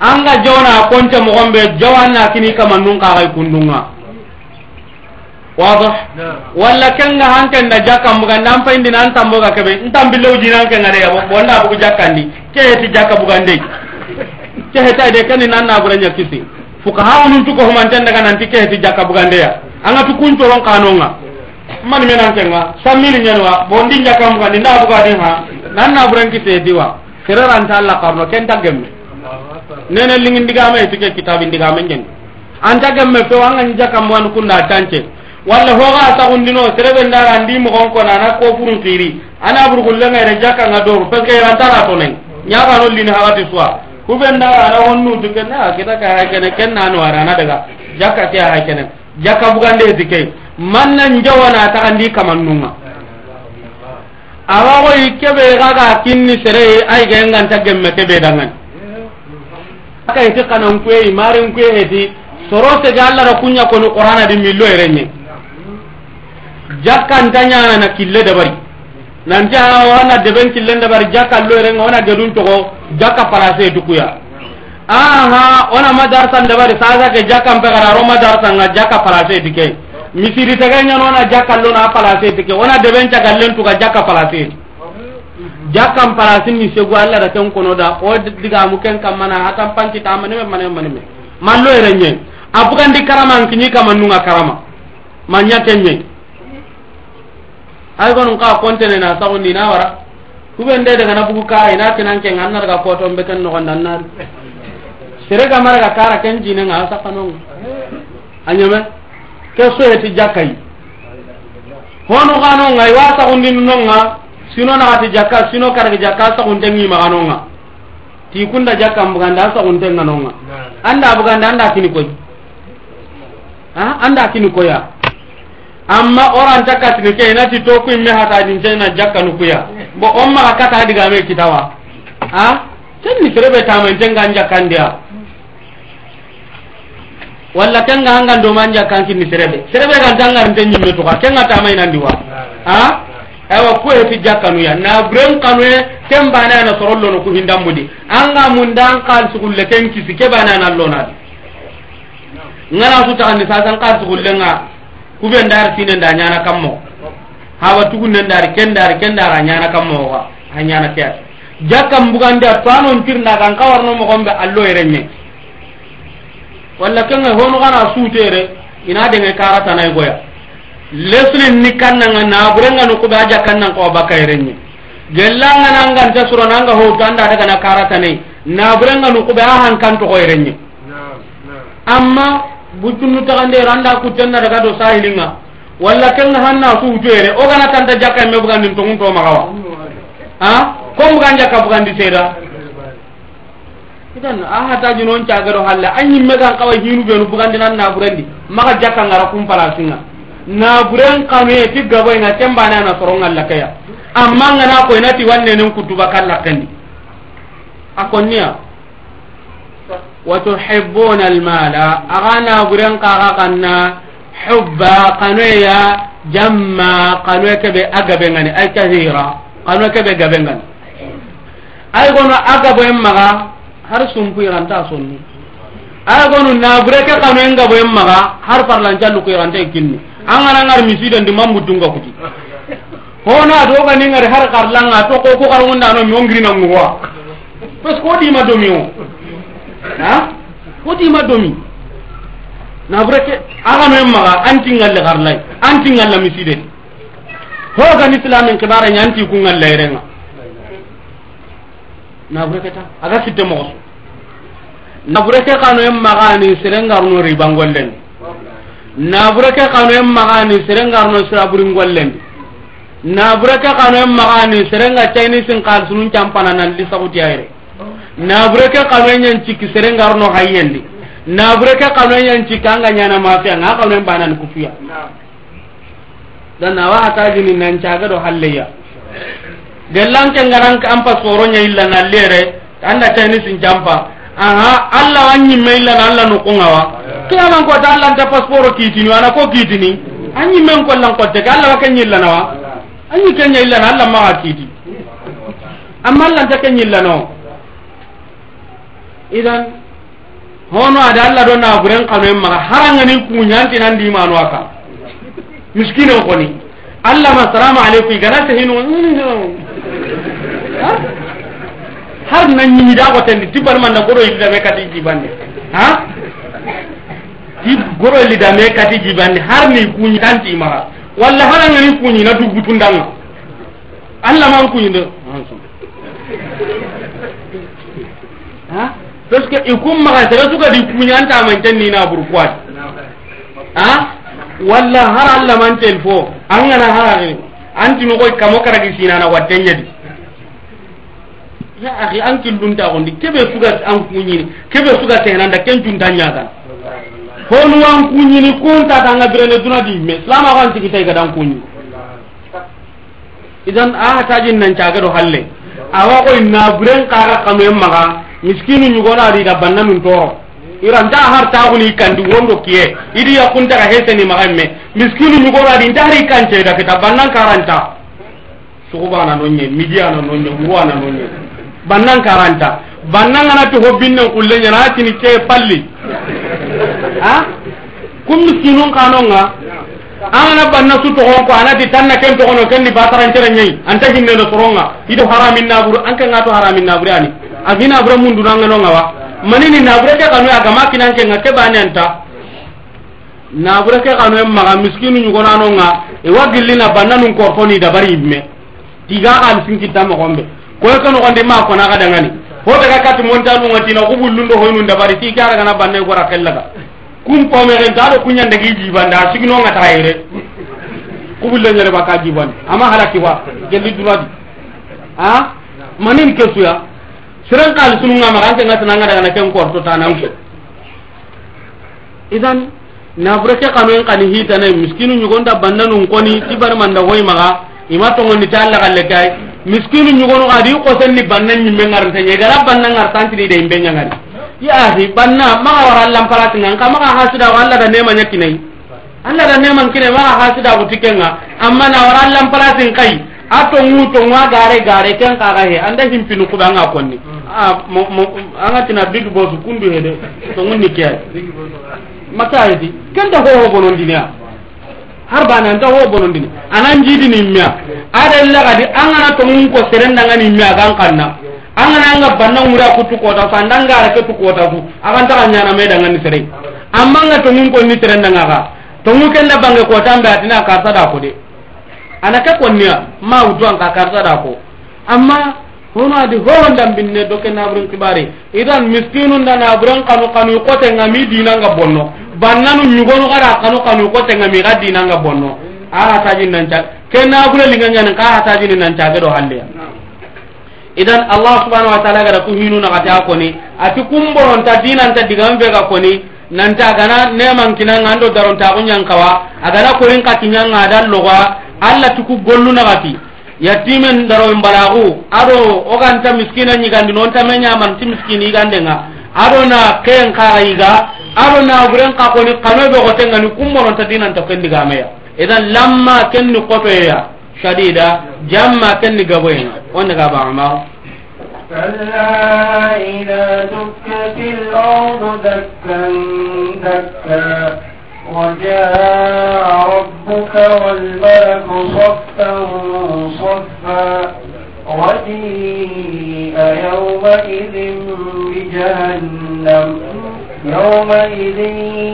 S2: anga jawna konte mogon ɓe jawanna kini kama nunkaxay kundunga waato walla kenga hankenna jakkambuganndi an fayindina an tamboga keɓe ntan billewu jina an kenga deya bonna bugu jakkandi keheti jakka bugandey kehetay de keni nan nagura ñakkisi fuka ha onuntu ko humanten daga nanti keheti jakka bugandeya anga tu kuncoron kanonga mani menan kenga sammini ñanwa bondi jakkambugandi nda bugadi ha nan naguran kiseediwa sereranta alla karno ken ta gemme nene lingi ndigame etuke kitabi ndigame ñen anta gemme pewa anga jakkambugandi kunda tance walla hoga asagundino sereɓendaga ndimogon kona ana ko furuntiri ana ɓurgullegere jakkanga doru parce que rantara tonen ñagano lini hagati soi kuɓendaga ana honnuti ke ah, na kita ka hay kene ken nanuware ana daga jakka ke hay kene jakka bugandeti ke manna njawana taga ndi kamannunga awa koy keɓe kaga kinni sere ay gengenta gemme keɓe dangan aka yeti kanan kuyei marin kuye heti soro sege allah ta kuña koni qurana di millo ereñe jakkantañanana kille dabari nanti awana deben kille dabari jakkallo rega wana jadun togo jakka placé dukuya aha wana madarsan dabari sasake jakkan pegararo madarsanga jakka placé dike misiri tegeñanona jakkallona a placé dike wana deben cagallen tuga jakka placé jakkan placé ni segu allah da ten kono da o digamu ken kammana hatan pankitamanime mane manime mallo rene abugandi karamankiñi kamannunga karama manñakeñe ay gonum ka kontene na sa gonni na wara kuben de daga na bugu ka ay na tinan ken an daga ko to mbeken no gonnan na sere ga mara ga kara ken jine nga sa kanon anyame ke so eti jakai hono gano ngai wa sa gonni no nga sino na ati jakka sino kara ga jakka sa gonde ngi ma gano nga ti kunda jakka mbuganda sa gonde nga no nga anda buganda anda kini koy ha anda kini koy ya amma oranta katini ke inati tokui me hatadincena jakkanu kuya bo on maxa kata digame kitawa a tenni kerebe tamantengan jakkandiya walla kenga hanga ndoma jakkan kinni serebe serebe kan tangar nden nyimme to ka kenga tamay nan diwa ha ewa ko e fi jakkanu ya na gren kanu e tem bana na torollo no ku hindam budi anga mun dan kal su kulle ken kisi ke bana na lona ngana su ta ni sa san kal su kulle nga kube ndaari sine nda ñana kam mo hawa tugunne ndaari ken ndaari ken ndaari a ñana kam mo oxa a ñana ke at jakkam bugandi a toanontir ndaga nka warno moxon ɓe allo yere ñe walla kenge honoxana suutere ina denge karatanay goya lesnin ni kannanga naaburenga no kuɓe a jakkannang qoxa bakka yere ñe gellanganaanganta suranaanga hotuandadagana karatanay naaburenga no kuɓe a hankantoxo yere ñe amma buccunnu taxande randa kuttenna daga do sahilinga walla kenga hanna su wutuyere o gana tanta jakka me bugandin togun to maxawa a kom bugan jakka bugandi seeda idan a hataji non cagero halle a ñimme gan kawa hinubenu bugandinan naburendi maxa jakka ngara kum palasinga naburen kame ti gaboyinga kembane ana sorongallakeya
S4: amma ngana
S2: koynati wannenen kutuba kallakendi a konniya وتحبون المال أغانا غرين قاقنا حبا قنويا جما قنويا كبي أقبنغني أي كثيرا قنويا كبي أقبنغني أي قنو أقب إمغا هر سنكوي غانتا سني أي قنو نابري كقنويا أقب إمغا هر فرلانجا لكوي غانتا يكيني أغانا نغر مسيدا دي ممبتونغا كتي hono ato ga ni ngari har karlanga to ko ko karunga no nyongri na muwa pes ko di madomiu na fotima domi nafureke aganoen maga antingalle harlay antingalla miside hogan islamin kibarañi anti kungallayrenga nafureketa aga kitte mogoso nafureke kanoen magani serengarno ribangollendi nafureke kanoen magani serengarno siraburingollendi nafureke kanoen magani serenga chinesin kalsunun campananan lisakutiyayre nabureke kameñan cikki serengarno hayyendi nabureke kameñan cikki anga ñana mafiya nga kamen banan kufiya dan awa atajini nancaga do halleya dellanke ngaran ampa soro ñayilla nallere anda tani sin jampa aha alla wanyi meilla na alla no kunga wa kila man ko dalla da passeport kitini wala ko kitini anyi men ko lan ko daga alla wakan yilla na wa anyi kan yilla na alla ma kitini amma alla ta kan yilla no idan hono ada allah do naguren kanoen maga harangenin kuñantinandi imanu aka miskine koni allah ma salamu aleyku iganatehino eh, eh, eh. har na ñiñidagotendi tibanmanda goro yiliɗame kati jibanni a ti goro yiliɗame kati jibanni har ni kuñitanti imaga walla harangeni kuñina dugutundanga allah man kuñide parce que i kum maxa sega suga di kuñantamanten nina bur kuwat a walla har allamanten fo a ngana haraxi antino koy kamo karagi sinana wattenñadi ya axi an killuntaxondi keɓe suga an kuñini keɓe suga tenanda ken cunta ñatan honu an kuñini kuntatanga birene duna di me slama ko an sigitay gadan kuñi idan a hataji nan cagedo halle awa koy naburen kara kamen maxa miskinu ñugonaaɗiida banna nun tooro ira nta har taaguni ikkandi wondo kiye idi yakkuntaka heseni maxen me miskinu ñugonaaɗi nta har ikkanceeda keta bannankaranta sugubana noñe midiana noñe muwana noñe bannankaranta bannanganati hobbinnen kulle ñanaatini kee palli a kum miskinun kanonga angana banna su togon ko anati tanna ken togono kenni batarancere ñayi anta hinneno soronga ido haramin naguru anke ngato haramin naguri ani a fina bura mundu nanga no ngawa mani ni nabura ke kanu aga makina ke ngake bani anta nabura ke kanu emma ga miskinu nyu gona no nga e wa gilli na banna nun ko koni da bari ibme diga ga am sinki tam ko mbe ko ka no gonde ma ko na ga dangani ho ta ga katu monta nu ngati na ko bullu ndo hoynu da bari ti ga ga na banne gora kellaga kum ko me ren daro kunya ndegi jibanda sikino nga tayre ko bullu nyale ba ka jibanda ama halaki wa gelli duradi ha manin kesuya siren kali sunu nga maka anke ngasi nanga dagana ken korto ta na uke idan na breke kanu en kani hita na miskinu nyugon da banda nun koni ti bar manda hoy maka ima tongon ni talla kalle kai miskinu nyugon ka di ko sen ni banna ni men ngar tan ye gara banna ngar tan ti de imben ngar ya hi banna ma war allah parat ngan ka maka hasida walla da ne ma nyaki nai allah da ne man kine ma hasida ko tikenga amma na war allah parat kai ato ngu to ngwa gare gare ken ka ga he anda himpinu ku ba ngakon ni mm. Ah, a gatina big bos kundu hede togunni ke makaeti kenta hohobonondinea har bane anta hohobonondini ana njidini mmea aɗen lagadi a gana togun ko serendangani mme agan kanna a gana anga banna ŋuri aku tukotasu andangareke tukotasu agantaga ñanamedangani serei amma ga togun konni serendangaga togu kenna bange kotambe atina karsa da ko de anake konnia ma wutu anka karsa da ko amma hono adi howondan binne doke naɓuren kibari idan miskinu nda naɓuren kanu kanu kotenga mi dinanga bonno bannanu ñugonu gara kanu kanu kotenga mi ga dinanga bonno a hataji nanca ke naɓure lingañani ka hatajini nancage ɗo halleya idan allah subhanau wa taala gara ku hinunakati a koni ati kumboronta dinanta digan vega koni nanta agana nemankinanga ando daronta kuñankawa agana korin kati ñanga dan logoa allah tiku gollunakati yatimen daroen balaku aɗo oganta miskina ñigandi non tame ñamanti miskine yigandenga aɗo na ken kaa yiga aɗo naguren ka koni kanoɓe xotengani kummononta dinanta kendigameya edan lamma kenni kotoyeya shadida jamma kenni gaboyenga onega ba amar
S1: kalla ida dukkati lardu dakkan dakka وجاء ربك والملك صفا صفا وجيء يومئذ بجهنم يومئذ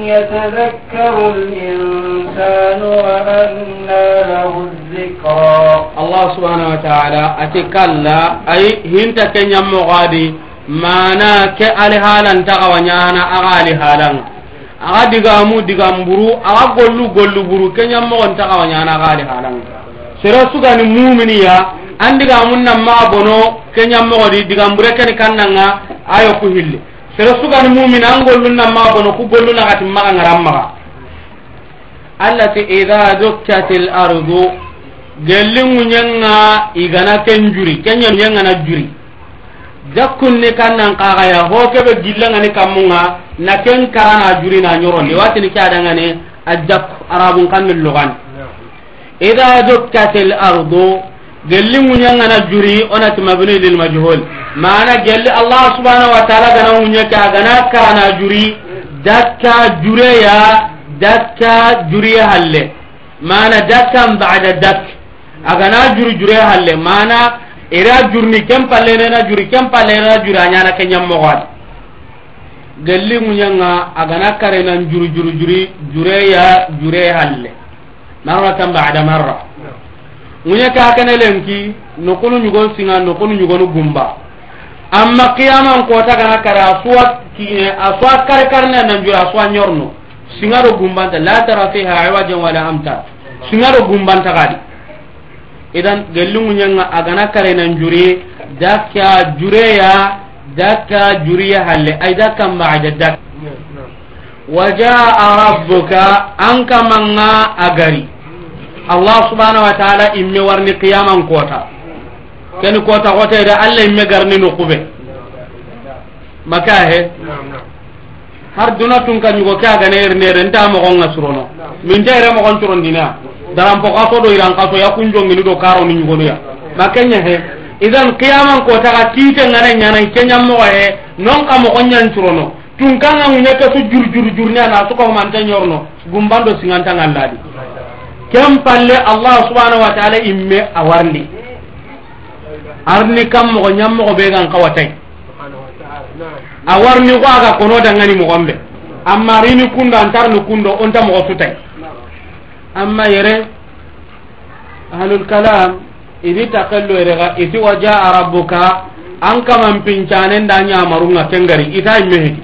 S1: يتذكر الإنسان وأنى له الذكرى
S2: الله سبحانه وتعالى أتكلا أي هنت كن يمغادي مانا كألهالا تغوانيانا أغالهالا aga digamu digamburu aga gollu gollu buru kenya mogon ta kawanya na gade halang sero suga ni mumini ya andiga munna ma bono kenya mogodi digambure kan kannanga ayo ku hilli sero suga ni an gollu na ma bono ku gollu na gatin maga ngaramma allati idha dukkatil ardu gelli munyenga igana kenjuri kenya munyenga na juri Dakkun jakkunni kannan kaxaya ho keɓe gillangani kammunga na ken karana jurina ñorondi hmm. watini ke adangani a jakku arabun kanni lugani ida dukkat l ardu gelli ŋuñangana juri onati mabni lilmajhul Maana gelli allah subhanau wa taala gana ŋuñeke agana karana juri dakka jureya dakka juriye halle mana dakkan bada dak agana juri jure halle maana. ira jurni kem pallenena juri kem pallenena juri a ñana ke ñammoxoadi gelli ŋuñanga agana karenan juri juri juri jureya jure halle marratan bada marra ŋuña ke a kene lenki nokunu ñugon siŋa nokunu ñugonu gumba amma qiyaman kota gana kare a suwa kine a suwa kare kare ne nan jura a suwa ñorno siŋa do gumbanta la tara fiha iwajan wala amta siŋa do gumbanta kadi idan gellunguñanga agana karenan juri dakka jureya dakka juriya halle ay dakka mbaaja dak wajaa rabuka ankamanga agari allah subhanau wa taala imme warni qiyaman kota keni kota xotede allah imme garni nukube makahe har duna tunka ñugo ke aganeyirnede nta moxonga surono min ta ire moxon curondinea daranpo ka so do iran ka so yakun jongi ni do karo ni ngono ya ma kenya he idan qiyamam ko ta tiite ngane nyana kenya mo he non ka mo konyan turono tun kan ngun nyaka su jur jur jur ni ana to ko man tan yorno gumbando singan tan alladi kem palle allah subhanahu wa taala imme awarni arni kam mo nyam mo be gan kawatay awarni ko aga kono dangani mo gombe amma rini kunda antar no kundo onta mo sutay amma yere ahlul kalam idi takallu yere ga idi wajaa rabbuka an kaman pincane nda nyamaru nga kengari ita imehi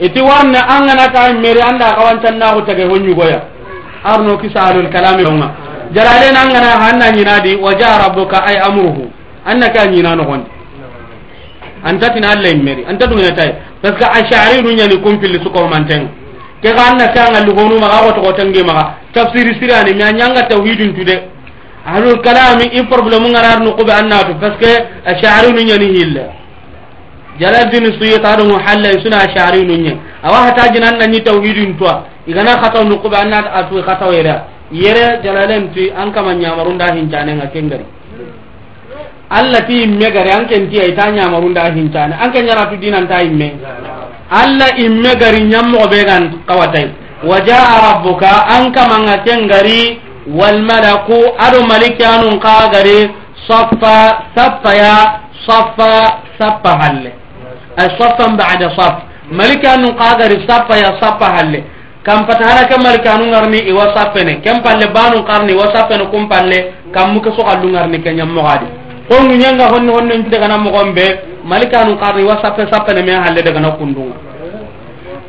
S2: iti warne an ngana ta imeri anda kawancan na ko tege honnyu goya arno kisa ahlul kalam yonga jalale nan ngana hanna nyinadi wajaa rabbuka ay amruhu annaka nyina no gon antatina alle imeri antadu ngata parce que ashari dunya ni kumpil su ko manteng ke ga anna ta ngal ko no maga ko to tan ge maga tafsir sirani mi anyanga tawhidun tude alul kalami in problem ngal arnu ko be anna to paske ash'ari nu nyani hille jalal din suyi taru mu halla suna ash'ari nu nyen awa hata jinan nan ni tawhidun to igana khataw nu ko be anna to atu khataw yera yere jalalem ti an kama nyamarun da hin jane ngake ngari Allah ti megare anken ti ay tanya marunda hin jane anken nyara tu dinan ta imme allah imme gari ñammoxo ɓe gan kawatay wa jaa rabuka an kamanga ken gari walmalaku aɗo malikeanun ka gari safa sappaya safa sappa halle a safan bada saf malikeanun ka gari sappaya sappa halle kam pata hana ke malika anu ngarni iwa sappene kem palle banu ngarni iwa sappene kum palle kam muke sokallu ngarni ke ñammoxo adi fongu ñanga honni honni nti degana mogon ɓe malikanu kar wa sappe sappe ne me halle degana kundunga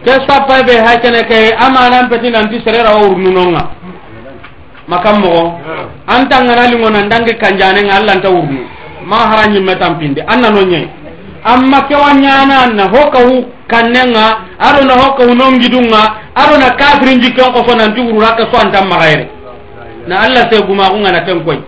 S2: ke sappa ɓe ha kene ke amanan peti nanti sererawa wurnunonga makam mogo antangana lingona ndangi kanjanenga allanta wurnu ma hara ñimme tampindi anna no ñayi amma ke wa ñana anna hokkahu kannenga aɗona hokkahu nongidunga aɗona kafiri njikken kofo nanti wurura ke so antan maxayre na allah segumaxunga na ten koy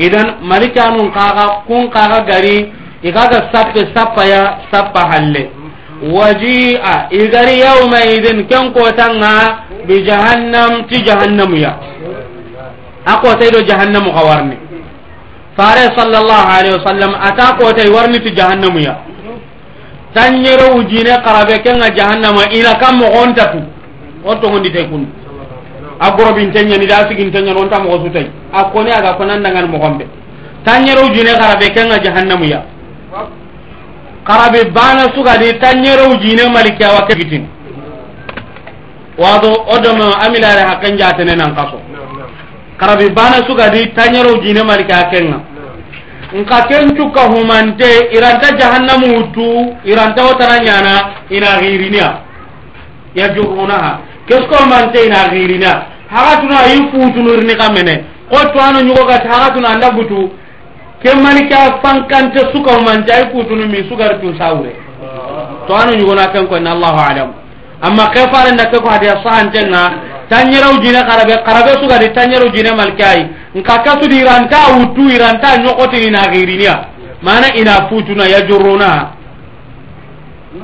S2: idan malikanun kaga kun kaga gari ikaga sappe sappa ya sappa halle waji'a igari yawma idin ken kotanga bi jahannam ti jahannamu ya akotai do jahannamu ka warni fare sallallahu alaihi wasallam ata kotai warni ti jahannamu ya tan yero wujine karabe kenga jahannama ila kam mo gonta tu otto gondi tay kunu a gorobin teñani da sigin teñani on tamoxo sutay a koni aga ko nandangan moxonɓe ta ñero jine xarabe kenga jahannamu ya xarabe bana sugadi ta ñero jine malike awa ke gitin waso o dom amilare xa ken jatene nan xaso xarabe bana sugadi ta ñero jine malike a kenga nka ken cuka humante iranta jahannamu wuttu iranta wotara ñana ina xirinia yajurunaxa qu'est ce qu'on mantait dans la hagatuno ayi futunurini kamene ko tuwano ñugogati hagatuno anda butu ke manike a fankante sukahumanti ayi kutunu mi sugari tun sawure tuwano ñugona ken koyni allahu alamu amma ke farenda ke ko hadiya sahante nga tanñerew jine karabe karabe sugadi tanñerew jine malke ayi nka kasudi iranta wuttu iranta ñokoti ina xiriniya mana ina futuna yajurruna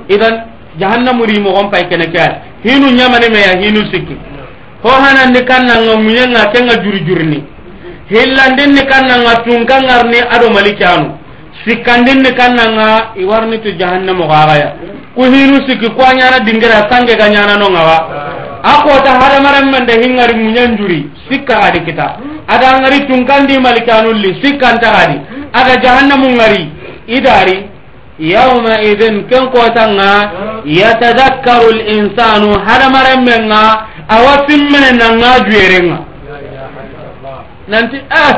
S2: idan jahannamurimogon pay kene ke ay hinu ñamanimeya hinu sikki ho hanandi kannanga muñenga kenga jurijurini kan kannanga tunkangarni ado malikanu sikkandinni kannanga iwarnitu ya ku hiru sikki ku a ñana dingira sangge ga ñananongawa a kota hadamarenmende hingari muñen juri sikka adi kita ada ngari sikkan ta adi ada ngari. idari yaumaidin ken kotanga yatadakkaru linsanu hadamarenmenga awa simmene nanga juerenga nanti a eh,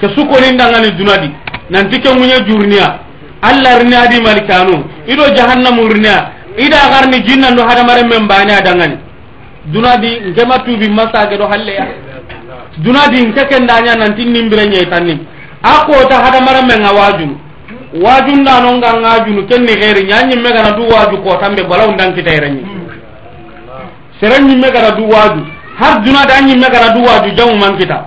S2: ke sukonindangani dunadi nanti ke ŋuye jurniya allah rini adi malikanu ido jahannamu riniya ida garni jinnandu hadamarenmen bane adangani dunadi nkema tubi masagedo halleya dunadi nke kendanya nanti nimbire ñeitanni a kota hadamarenmen awajunu waju ndanonga ngajunu kenni xeeri ñañimme gana du waju kootanɓe balaw ndankitayirañi sere ñimme gana du waju har duna da ñimme gana du waju jamu mankita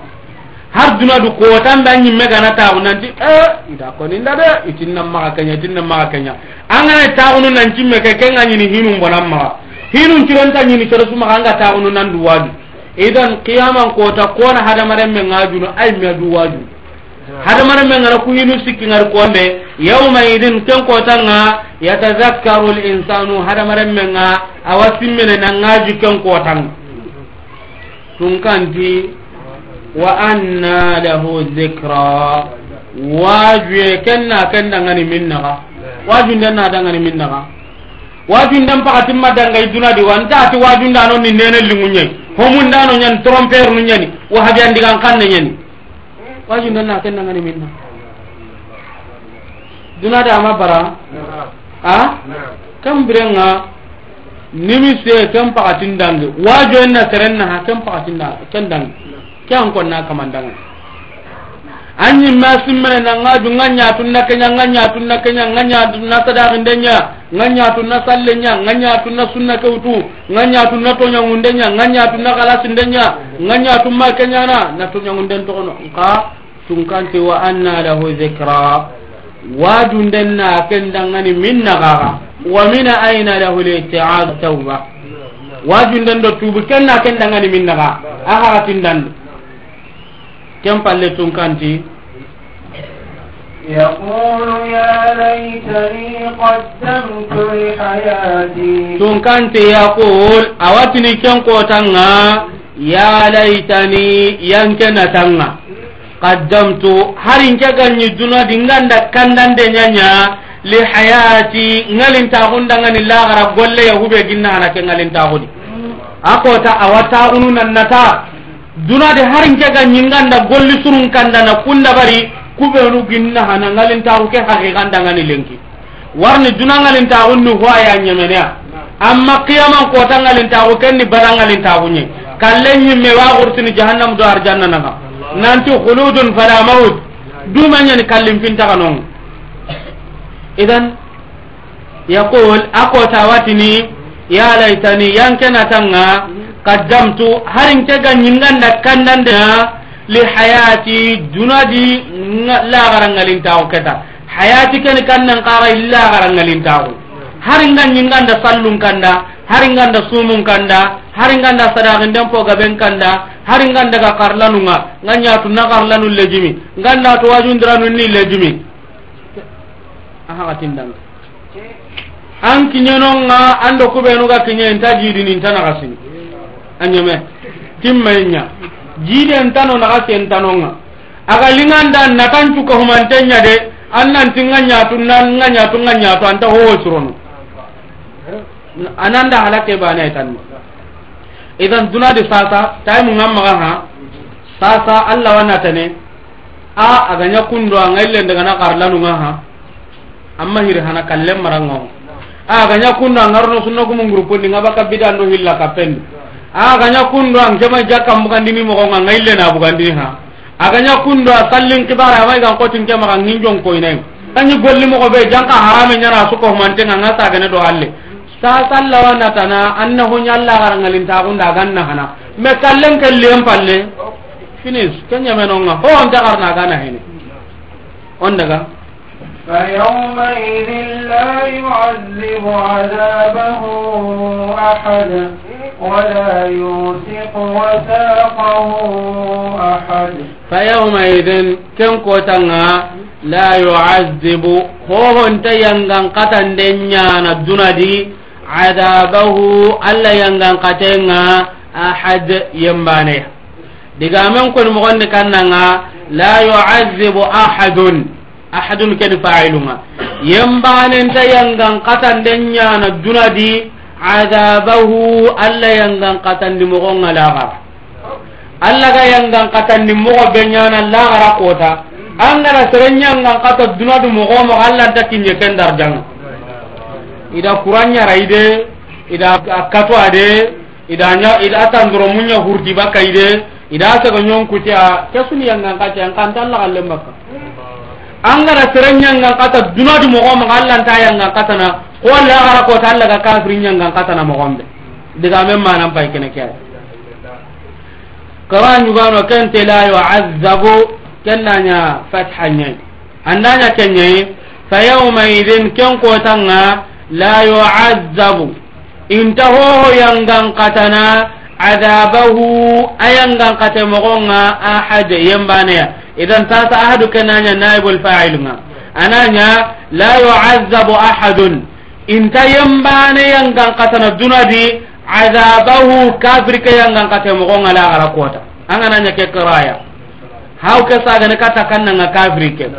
S2: har duna du kootan da ñimme gana taxu nanti e eh, ita koni nda de itinna maxa keña itinna maxa keña angane taxunu nancimme ke ke nga ñini xinum bonan maxa xinum cironta ñini seresu maxa anga taxunu nan du waju idan qiyaman koota koona hadamaren me ngajunu ay me du wajuu hada mana men ngara ku yinu sikki ngar kombe yawma idin ken ko tanga yatazakkaru al-insanu hada mana men nga awasimmene ngaji ken ko tanga tun ti wa anna lahu dhikra wajwe kenna kenda ngani minnaga wajunde na dangani minnaga wajundan pakatimma dangai di wanta ati wajundano ni nene lingunyai homundano nyani tromper nu nyani wahabiandigan kan nyani wajin dan na ngani minna duna da ma bara nah. a ah? nah. kan birenga nimi se kam pakatin dangi wajo na seren na kan pakatin na kan dang kan kon na kamandang anyi masim mena na ngaju nganya tun na kenya nganya tun na kenya nganya tun na sadar ndenya nganya tun na sallenya nganya tun na sunna kautu nganya tun na tonya ngundenya nganya tun na kalas ndenya nganya tun ma kenya na na tonya ngunden to ka tunkanti wa anna lahu zikra wajun denna kendangani minna gaga wa mina aina lahu liti'ad tauba wajun den do tubu kenna kendangani minna ga aha tindan kem palle tunkanti
S1: يقول يا ليتني قدمت
S2: لحياتي تون كانت يقول أواتني كن قوتنا يا ليتني ينكن tanga. qaddamtu hari nke ganyi duna dinganda kandande nyanya li hayati ngalin ta hunda ngani la gara golle ya hube ginna ana ke ngalin ta hudi ako ta awata ununan nata duna de hari nke ganyi nganda golli surun kandana kunda bari kube ginnahana ginna ana ngalin ta ke hage ganda ngani lenki warni duna ngalin ta hunnu huwa ya amma qiyaman kota ngalin ta kenni badangalin ta hunye kallen yimme wa gurtini jahannam do arjanna nanti khuludun fala maut dumanyani kallim pintaka non idan yaqul ako tawatini ya laitani yankena tanga kadamtu harin kega nyingan da kandan da li hayati dunadi la garangalin taw keta hayati ken kannan qara illa garangalin taw haringañinganda sallun kanda haringanda sumun kanda haringanda sadakinden pogaben kanda haringandaga karlanunga ngañatu na karlanu lejimi ngandatu wajundiranunni lejimi axaxatindang an kiñenonga ando kuɓenuga kiñe inta jiidini inta naxasini a ñeme timmaiña jiide ntano naxasi ntanonga aga linganda natancuka humantenña de an nantinga ñatu na nga ñatu nga ñatu anta howo suronu ananda halake bana itan e idan duna di sasa tay mu ngam maga ha sasa alla wana tane a aga nya kundo ngailen daga na karlanu nga ha amma hir hana kallem marango a aga nya kundo ngarno sunno ko mungru pondi ngabaka bidando hilla kapen a aga nya kundo ang jama jaka mbugandi mi mogonga ngailen abugandi ha aga nya kundo sallin kibara amai gan kotin kema ngin jong koy nay tanyi golli mo ko be janka harame nyara suko man tenga ngata gane do alle ta sallawa na tana annahu nyalla garangalin ta gunda ganna hana me kallen kallen palle finish kenya menonga ho on ta garna gana hene on daga fayaumaidin ken kotanga la yuazibu hohonta yangan katande nyana dunadi cadabahu allah yangankatenga ahad yembaneya digamen koni mogondi kannanga la yucazibu ahadun ahadun keni failunga yembanenta yangankatande ñana dunadi cadabahu allah yangankatandi mogonga lahara allah ga yangankatandi mogo be ñana lahara kota angana sere ñangankata dunadi mogomoga allanta kinye ken dar janga ida kuranyarai de ida akato ade ida nya ida atandro munya hurdi baka ide ida saka nyon kuti a kesuni yang ngangka yang kanta Allah kalem baka angara serenya ngangka ta duna di mogo mangalla nta yang ngangka ta na ko la ara ko ta Allah ka kafirnya ngangka ta na mogo mbe diga mem ma nan baike ne kya kawan yuba no ken tela yu'azzabu kennanya fathanya andanya kenye fa yawma idin ken ko tanga la yucazabu inta hoho yangankatana adabahu a yangankate mogonga ahad yembaneya idan tata ahadu kenanya naibu lfail nga ananya la yucazabu ahadun inta yembane yangankatana dunadi adabahu kafirke yangankate mogonga la ara kota angananya kekraya haw ke sagane kata kannanga kafirke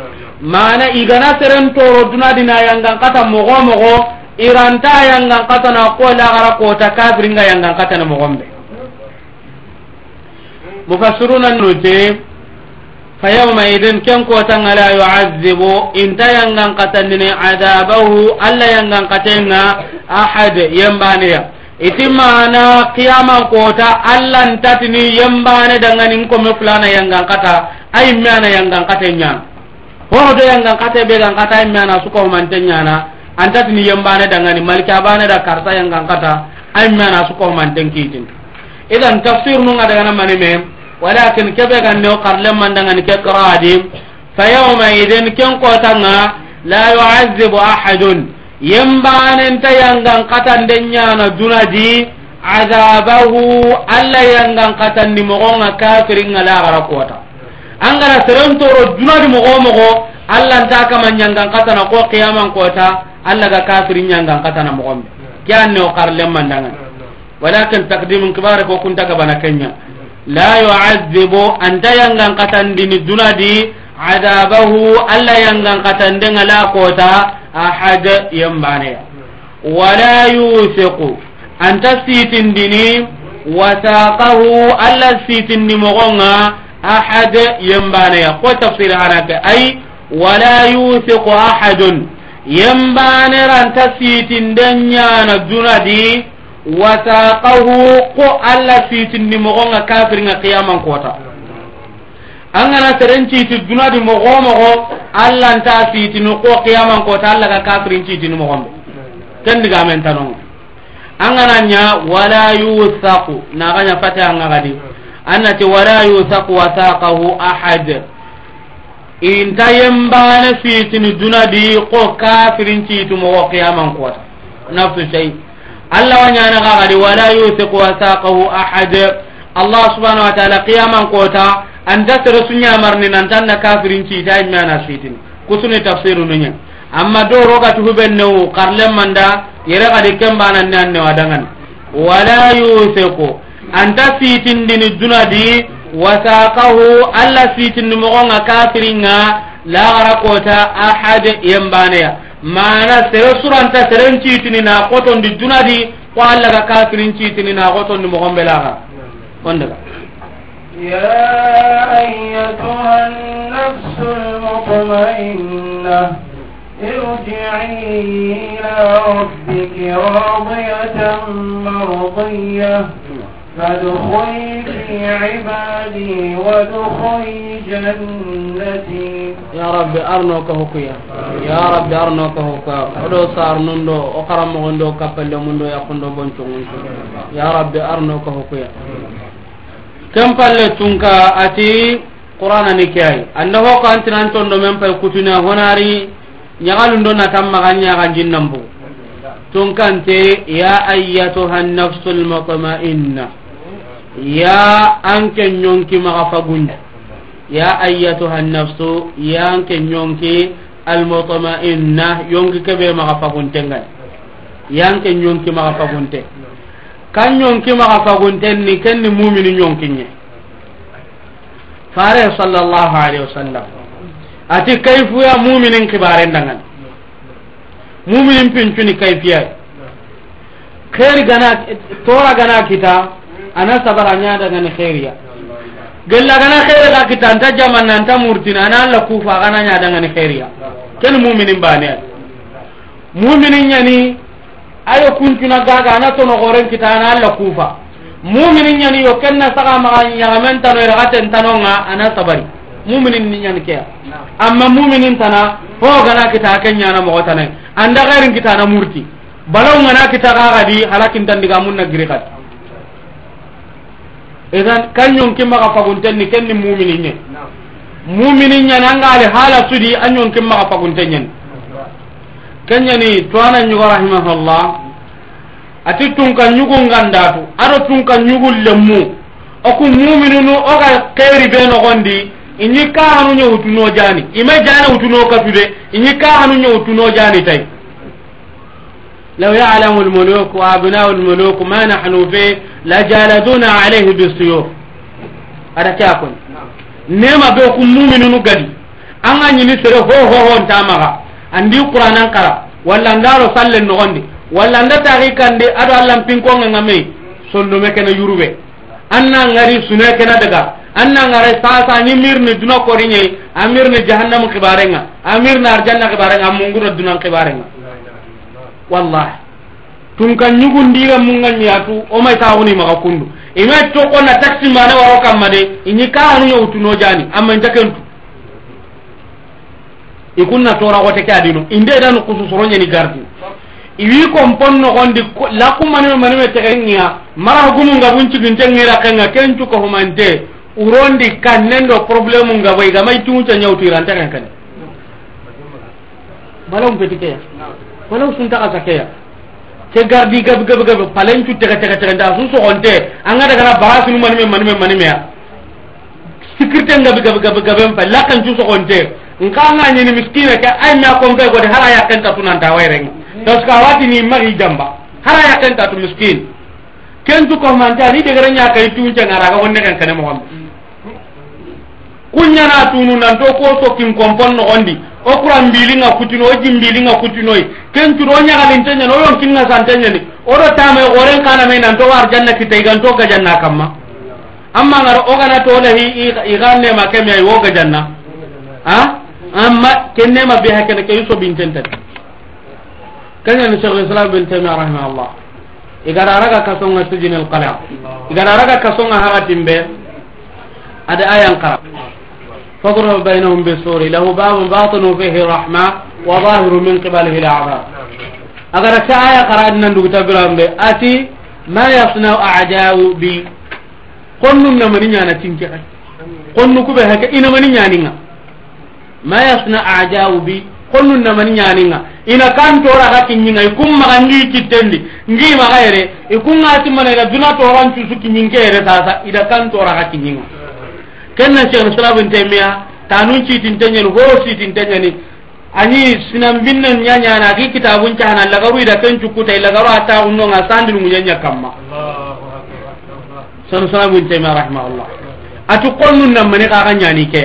S2: mana igana seren toro dunadi na yangankata mogo mogo iranta yangan katana kola gara kota kafiringa yangan katana mogombe mufassiruna nute fa yawma idin ken kota ngala yu'azzibu inta yangan katanne adabahu alla yangan katenga ahad yambaniya itimana qiyama kota alla ntatini yambane dangani ko me fulana yangan kata ay miana yangan katenya ho do yangan kata be kata ay miana suko mantenya na antati ni yembane dangani maliki abane da karta yang kangkata ay mana su ko man den kitin idan tafsir nu ada ngana mani me walakin kebe gan ne karle man dangani ke qiradi fa yawma idin ken ko tanga la yu'azzibu ahadun yembane ta yang kata den nyana dunaji azabahu alla yang kata ni mo nga kafirin ngala ara kota angara serentoro dunadi mo mo Allah ta kama nyangan kata na ko kiyaman kota allah ga kafiri ñangan katana mogonɓe ke an ne o kar lemmandangani walakin takdim kibare ko kunta gabana kenya la yuadibu anta yangan katandini dunadi adabahu allah yangan katandenga la kota ahad yembaneya wala yusiku anta sitindini wasakahu allah sitindi mogonga ahad yembaneya ko tafsir hanake ay wala yusiku ahadun yembaneranta siitinden ñana dunadi wasakahu ko allah siitindi mogonga kafirnga qiyaman kota angana seren ciiti dunadi mogo mogo allah nta siitini ko qiyaman kota allah ga kafirin ciitini mogonɓe ken ndigamentanonga angana ña wala yusaku naxaña fate angagadi annati wala yusaku wasakahu ahad inta yembane fitini dunadi ko kafirin citumogo qiyaman kota nafsu sai allah wañanakakadi wala yusiku wasakahu ahad allah subhanau wa taala qiyaman kota anta sere suñamarni nantanna kafirin cita yimmana fitini kusuni tafsiru nuñe amma do rogati huɓennewu karlemmanda yere kadi kembananni annewa dangani wala yusiku anta fitindini dunadi wasaqahu alla sitinni mogonga kafiringa lagara kota ahad yembaneya mana sere suranta seren citini na kotondi dunadi ko alla ga kafirin citini na kotondi mogonɓe laga ondaga
S1: يا أيتها النفس المطمئنة ارجعي إلى ربك راضية مرضية ya
S2: rabbi arnoka hokkuya ya rabbi arnoka hokkuya oɗo sarnundo o karamogondo kappelle mundo yakkundo boncogunco ya rabbi arnoka hokkuya ken palle tunka ati qur'anani keay anda hoko antinantondo men pay kutune honari ñagalundo natan magan ñaganjinnan bugu tunkante ya ayatuha nafsu lmutma'inna ya anke nyonki maka fagunda ya ayyatuha nafsu ya anke nyonki almutmainna yonki kebe maka fagunte ngani ya anke nyonki maka fagunte kan nyonki maka fagunte ni kenni mumini nyonki nye fare sallallahu alaihi wasallam ati kaifu ya muminin kibare ndangan muminin pinchuni kaifiyai khair gana tora gana kita ana sabaranya dengan khairia gella gana khair ya. ga kita anta jaman nanta murtin ana la kufa gana nya dengan khairia ya. ken mu'minin bane ya. mu'minin yani ayo kuntuna gaga ana to goren kita ana la kufa mu'minin yani yo ken na saga ma nya men tano ra gaten nga ana sabari mu'minin ni yani ke amma mu'minin tana ho gana kita nya na mo anda gairin kita na murti balau ngana kita gaga di halakin tan diga mun na giri idan kanyon kima ka fagunten ni kenni mumini nye mumini nye nangali hala sudi anyon kima ka fagunten nye kenye ni tuwana nyuga rahimahallah ati tunka nyugu ngandatu ato tunka nyugu lemu oku mumini nu oka kairi beno kondi inyi kahanu nye utuno jani ime jani utuno katude inyi kahanu nye utuno jani tayi law ya'lamu al-muluku wa abna'u al-muluku ma nahnu fihi lajaladuna alayhi bisuyur ada keakoni nema be ku muminunu gadi anga ñini sere hohohontamaxa andi qur'anan kara walla ndaro salle nogondi walla nda taxi kandi ado allahnpinkongenga mai sollume kene yuruɓe anna ngari sune kena daga anna ngare sasa ni mirni duna kori ñei a mirni jahannamu xibarenga a mirni arjanna xibarenga a mungura dunan xibarenga wallahi tun kan ñugun ndiga mungan ñatu o may taxuni maxa kundu ima tokona taxi mane waro kamma de ini kaxanu ñowtu no jani amma njakentu i kunna toraxote ke adinu i nde dan kusu soro ñeni gardi iwi kompon noxondi lakumanime manime texe ŋiya mara gumu ngabun ciginte ŋira kenga kencuka humante urondi kan nendo probléme ngaba igama itimuca ñawtuirantexen kene balaum petikeya balau suntaxa sakeya ke gardi gabi gabi gabi palencu tege tege tege nda su sokonte anga daga na bara sunu manime manime manime ya sikirte gabi gabi gabi gabi mpa lakan su sokonte nka nga nyini miskine ke ay mea konkai kodi hara ya kenta tunanta wairengi tos ka wati ni mari jamba hara ya kenta tu miskin kentu komanta ni degere nya kai tunche ngaraka wonne kan kene mohammed kunyana tunu nanto ko sokin kompon no ondi o kura mbilinga kutino o jimbilinga kutinoyi kencuno o ñagalinteñani o yonkinga santeñani oɗo tame oren kaname nanto war janna kitaiganto gajanna kamma amma ngar ogana to lahi iganema keme ay wo gajanna a amma kennema be hakene ke yusobintentan kañani cheikh lislam bin taimia rahimahullah igararaga kasonga sijinel qala igararaga kasonga haratimbe ada ayan qara فاضرب بينهم بسور له باب باطن فيه رحمة وظاهر من قبله الأعراب أقرأ تعالى قرأنا ندوك تبرم أتي ما يصنع أعداء بي قلنا من من يانا تنجحي قلنا كبه هكا إنا من يانينا ما يصنع أعداء بي قلنا من يانينا إنا كان تورا هكا ينجا يكون مغنجي كتندي نجي مغيري يكون ناتي من إلا دونا تورا نشوكي ينجي إذا كان تورا هكا ينجي kenna cheikh islam en temiya tanu ci tin tanyani ho si tin tanyani ani sinam binnan nya nya na ki kitabun cha na lagaru ida ken cukku tay lagaru ata unno nga sandil mu nyanya kamma
S3: sallallahu alaihi wasallam
S2: sallallahu alaihi wasallam rahmalah atu qonnun nam ne ka ga nya ni ke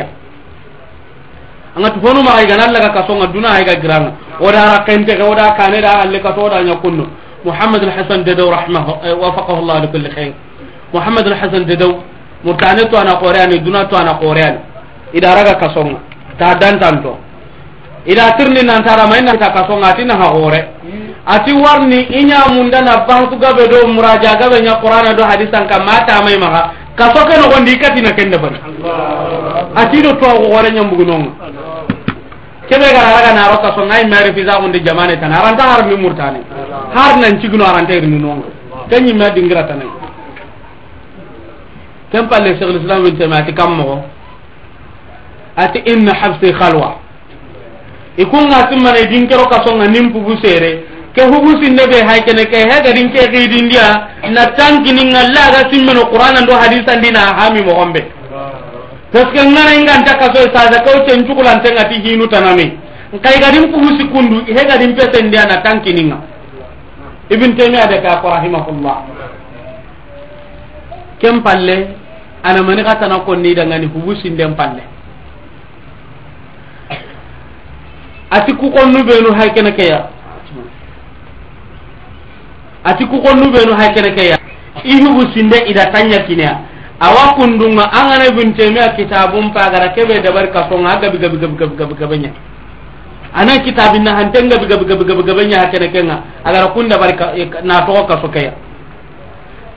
S2: anga tu fonu ma ga na laga ka songa duna ay ga grana o da ra kente ga o da ka ne da alle ka to da nya kunno muhammad al hasan dadaw rahmahu eh, wafaqahu allah li kulli khair muhammad al hasan dadaw murtane to ana qoreani duna to ana qoreani ida raga kasonga ta dantanto ida tirni nantara ma ina ta kasonga ati naha qore ati warni inya munda na bahtu gabe do muraja gabe nya qur'ana do hadisan ka mata mai maka kasoke no gondi kati na kende ban ati do to qore nya mbugunong kebe gara raga na ro kasonga ai mari fiza undi jamane tan aranta har mi murtane har nan cigno aranta irni nonga tanyi ma dingira tanai ken palle cheikh lislam ibn taimia ati kam moxo ati inna habsi halwa i kunga simmana i dinkero kasonga nin pubu seere ke hubu sinde ɓe hay kene ke hegadin ke xiidindiya na tankininga laga simmeno qur'an ando hadis andina hami moxomɓe parce que ngarenganta kasoy sage kew ten cukulantengati hinutanami kay gadin pubu sikundu hegadin pesendiya na tankininga ibn taimia de kako rahimahullah kem palle ana mani kata na konni daga ni hubusin dem palle ati ku konnu benu hay kene ke ya ati ku konnu benu hay kene ke ya i sin de ida tanya kinya awa kundunga angana bunte me kitabun pagara kebe dabar kasonga gabi gabi gabi gabi gabi gabi nya ana kitabin na hanteng gabi gabi gabi gabi gabi nya hakene kenga agara kunda barka na to ka sokaya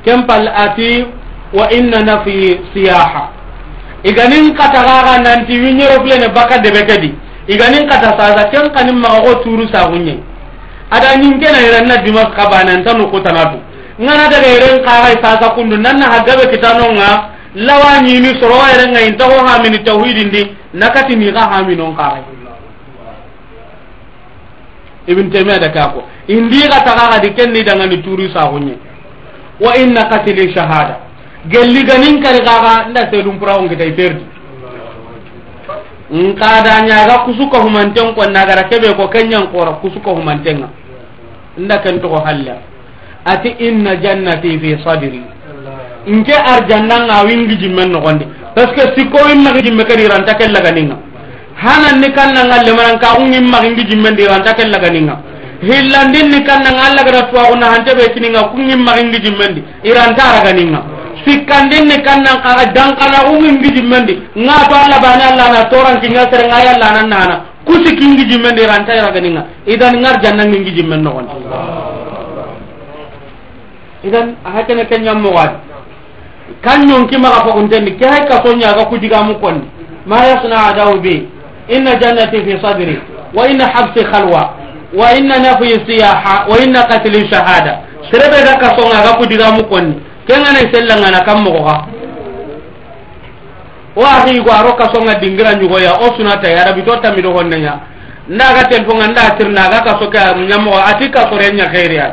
S2: kempal ati wa innana fi siyaha iganin kataxaxa nanti wiñerofulene bakka deɓe kedi iganin kata sasa ken kanin maxa xo turu saxuñe ada ñinkena yirenna dimas xa banenta nukutanatu ngana daga yiren xaxay sasa kundu nanna xa gaɓe kitanonga lawa ñini sorowa yerenga in taxo xamini tawxidindi nakati ni xa xaminon xaxay ibn temia dake a ko indi xa taxaxadi ken ni dangani turu saxuñe wa inna katili shahada gelligani nkari kaka nda seedum pura onkitay perdi nkada ñaga kusuko humanten ko nagara keɓe ko kenñankora kusuko humantenga nda ken toko halla ati inna jannati fi sadri nke ar jannanga wingi jimmen nogonde parce que sikko immagi jimme ke riranta ken laganinga hanan ni kannanga lemananka un immagi ngi jimmen riranta ken laganinga hillandin ni kannanga allagata tuwaguna hanteɓe kininga kun immagi ngi jimmendi iranta araganinga sikkandinni kannan kaa dankana umin gijin mendi ngaato allah bani allah na toran kinga sere ngay allah nan nana kusi kin gijin mendi ran tay raga ninga idan ngar janna ngin gijin men no wonde idan ahatene ken nyam mo wad kan nyon ki maga ko unten ni kay ka to nyaga ku diga mu kon ma yasna adaw bi inna jannati fi sadri wa inna habsi khalwa wa inna nafi siyaha wa inna qatli shahada sere be da ka to nyaga ku diga mu kon ni kengana sellangana kam mogoxa wo axiigo aro kasonga dingira ñugoya o sunatay arabito tamidoxonneña ndaga telefonga nda sir naga kasoke ñamoxo ati kasorena xeeria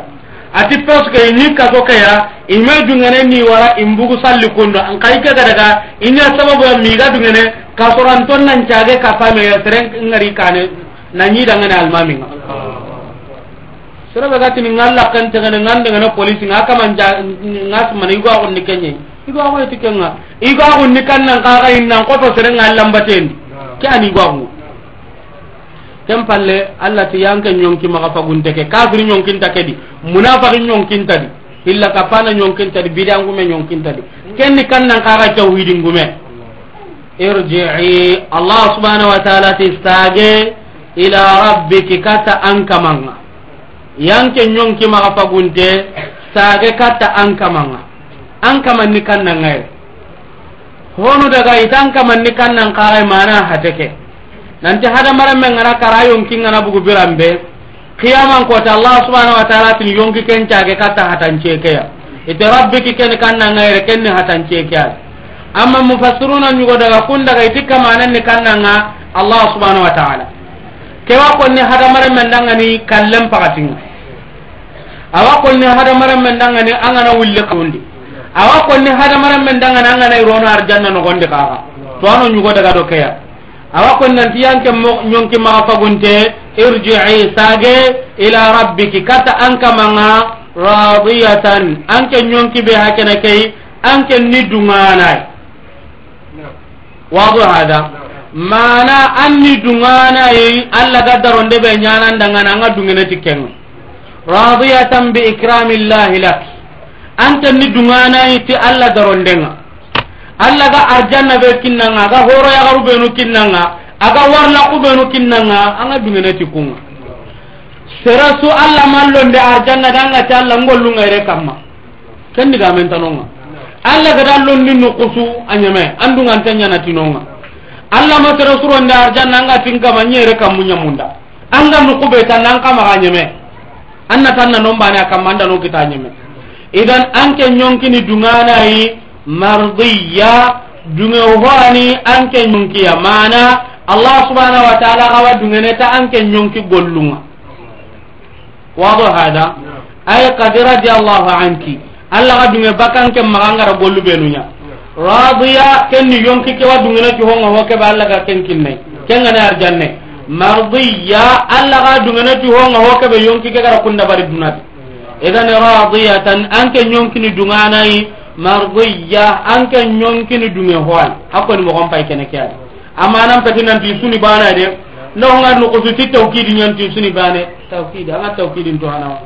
S2: ati presque ini kasokeya ime dungene ni wara imbugu salli kundo nkai ke gadaga iña sababuya miiga dungene kasoranton nancage kafameya seren ngari kane nañidangane almaminga sera ba gatini ngalla kan tege ne ngande ngana police nga kama nja ngas man igwa ko ni kenye igwa ko eti kenga igwa ko ni kan nan kaka innan ko to sere ngalla mbaten ke ani igwa ko tempalle alla ti yanke nyonki maka fagunte ke kafir nyonki ntake di munafiqin nyonki ntadi illa ka pana nyonki ntadi bidan gume nyonki ntadi ken ni kan nan kaka tawhid ngume irji'i allah subhanahu wa ta'ala tistage ila rabbika kata ankamanga yanke ñonki maxa fagunte saage katta an kamanga an kamanni kannangaye honu daga ita an kamanni kannan kaxay mana hateke nanti hadamarenme ngana kara yonki ngana bugu biran be kiyaman kote allah subhanau wa taala tin yonki ken caage katta hatancekeya ite rabbiki keni kannangayre kenni hatancekeyat amma mufassiruna ñugo daga kun daga iti kamananni kannanga allah subhanau wa taala kewa konni hadamaren me ndangani kallen pakatinga awa kolni hadamaren men dangani angana wille kawundi awa kolni hadamaren men dangani angana irono arjanna nogondi kaka to ano nyugo daga do keya awa kon nan tiyanke mo nyonki ma fagunte irji'i sage ila rabbiki kata anka manga radiyatan anke nyonki be hakena kay anke nidungana wadu hada mana anni dungana yi alla gadaro ndebe nyana ndangana anga dungene tikeng radiyatan bi ikramillahi lak anta ni dungana ti alla darondenga alla ga arjanna be kinnanga aga horo ya garu benu kinnanga aga warna ku benu kinnanga anga dungene tikunga sera su alla mallonde arjanna danga ta alla ngollunga ere kamma kenni diga men tanonga alla ga su ni nukusu anyame andunga tanya na tinonga alla matara suronda arjanna anga tingkama nyere kamunya munda anga nukube tan a maganyame anna tanna non bane a kamma anda non kita ñeme idan anke ñonkini dunganayi mardiya dunge hoani anke ñonkiya mana allah subhanahu wa taala awa dungeneta anke ñonki gollunga wado hada ay kadi radi allahu anki allah ka dunge bakanke magangara gollu benuña radiya kenni yonki kewa dungene ki honga ho keɓe allah ga kenkinnayi kengane arjannayi mardiya allah ga duganati honga hokeɓe yonki kegara kundabari dunati idan radiyatan anke yonkini duganayi mardiya anke yonkini dunge hoani hakkoni mogon pay kene ke ani amma nan peti nanti suni bana de ndoxonga nukusuti tawkidi ñanti suni bane tawkidi anga tawkidin to anawa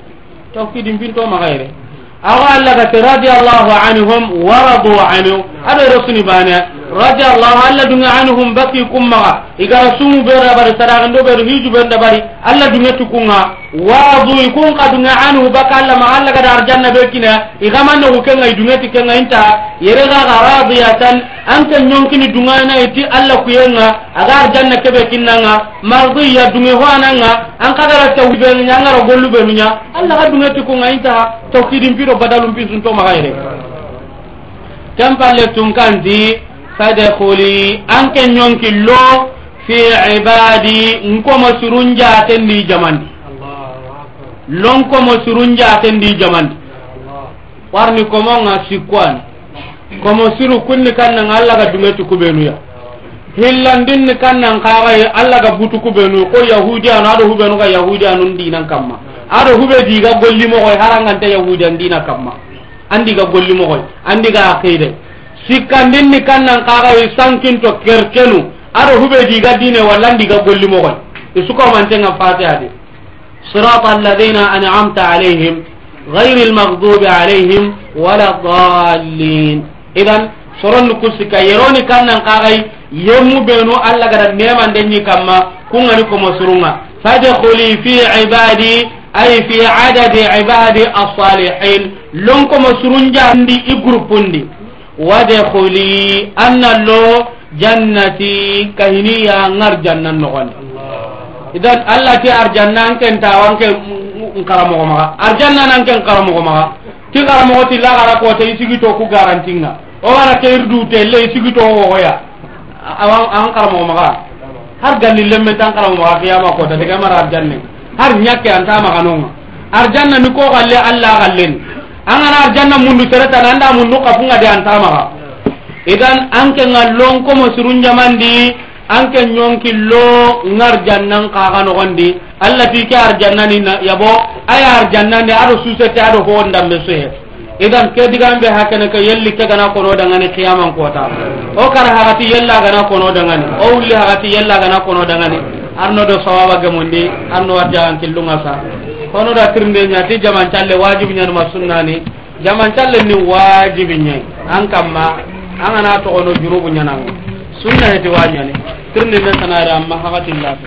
S2: tawkidi mbin to maxayre awo allah gate radiallahu anhum waradu anu aɓe rasuni bane radiallahu allah dunge anhum bakki kummaga igara sumu ɓere ɓari saɗagendo ɓere hijuɓenɗa ɓari allah dungetukunga waduy kun kadunga anhu baka alla ma alla gada arjanna be kina igamanna ku kenga idungeti kenga inta yere ga garadiyatan anke nyonkini dungana iti alla ku yenga aga arjanna kebe kinanga marduy ya dungi hwananga anka gara tawibe nya ngara gollu be nya alla ga dungeti kunga inta tawkidi mpiro badalu mpizu nto magaire tempalle tunkandi fadkhuli anke nyonki lo fi ibadi nkomo surunja tendi jamandi lonkomo surunjaten ndi jamandi warni komonga sikkuani komo suru kunni kamnan allaga dumeti kuɓenuya hillandinni kamnan kaaxaye allaga butu kuɓenuya ko yahudianu aɗo huɓenuga yahudianu ndinan kamma aɗo huɓe diga gollimoxoy harangante yahudia ndina kamma andiga gollimoxoy andiga aqida sikkandinni kamnan kaaxaye sankinto kerkenu aɗo huɓe diga dine walla ndiga gollimoxoy i sukomantenga fatiade صراط الذين أنعمت عليهم غير المغضوب عليهم ولا الضالين إذا سرون كوسكا يروني كان نقاري يوم بينو الله قد نعم عندني كما كون لكم سرونا فادخلي في عبادي أي في عدد عبادي الصالحين لنكم سرون جاندي إقربوندي وادخلي أن الله جنتي كهنيا نار جنة نغني idan allah ti arjanna anke ntawanke nkaramogo maga arjanna nanke nkaramogo maga ti karamogo ti lagara kote isigito ku garantinga o wara ke irdute le isigito owogoya an karamogo maga har gallilemmente an karamogo maga kiyama kota dega mara arjanne har ñakke anta maganonga arjanna ni ko galle allah galleni angana arjanna mundu seretan anda mundu kafungade anta maga idan anke ngallon komo sirunjamandi anke ñonki lo ngar jannan kaga no gondi alla ti ke ar jannani na yabo ay ar jannani ado suse ta ado ho ndam be suhe idan ke digam be hakene ke yelli ke gana kono da ngani qiyamang kota o kar hakati yella gana kono da ngani o wulli hakati yella gana kono da ngani arno do sawaba ge mondi arno war jangan killu ngasa kono da trimbe nyati jaman challe wajib nyani masunnani jaman challe ni wajib nyai an kamma an ana to ono jurubu nyanang sunna heti wañani tirni men tanari amma hakatillaɓe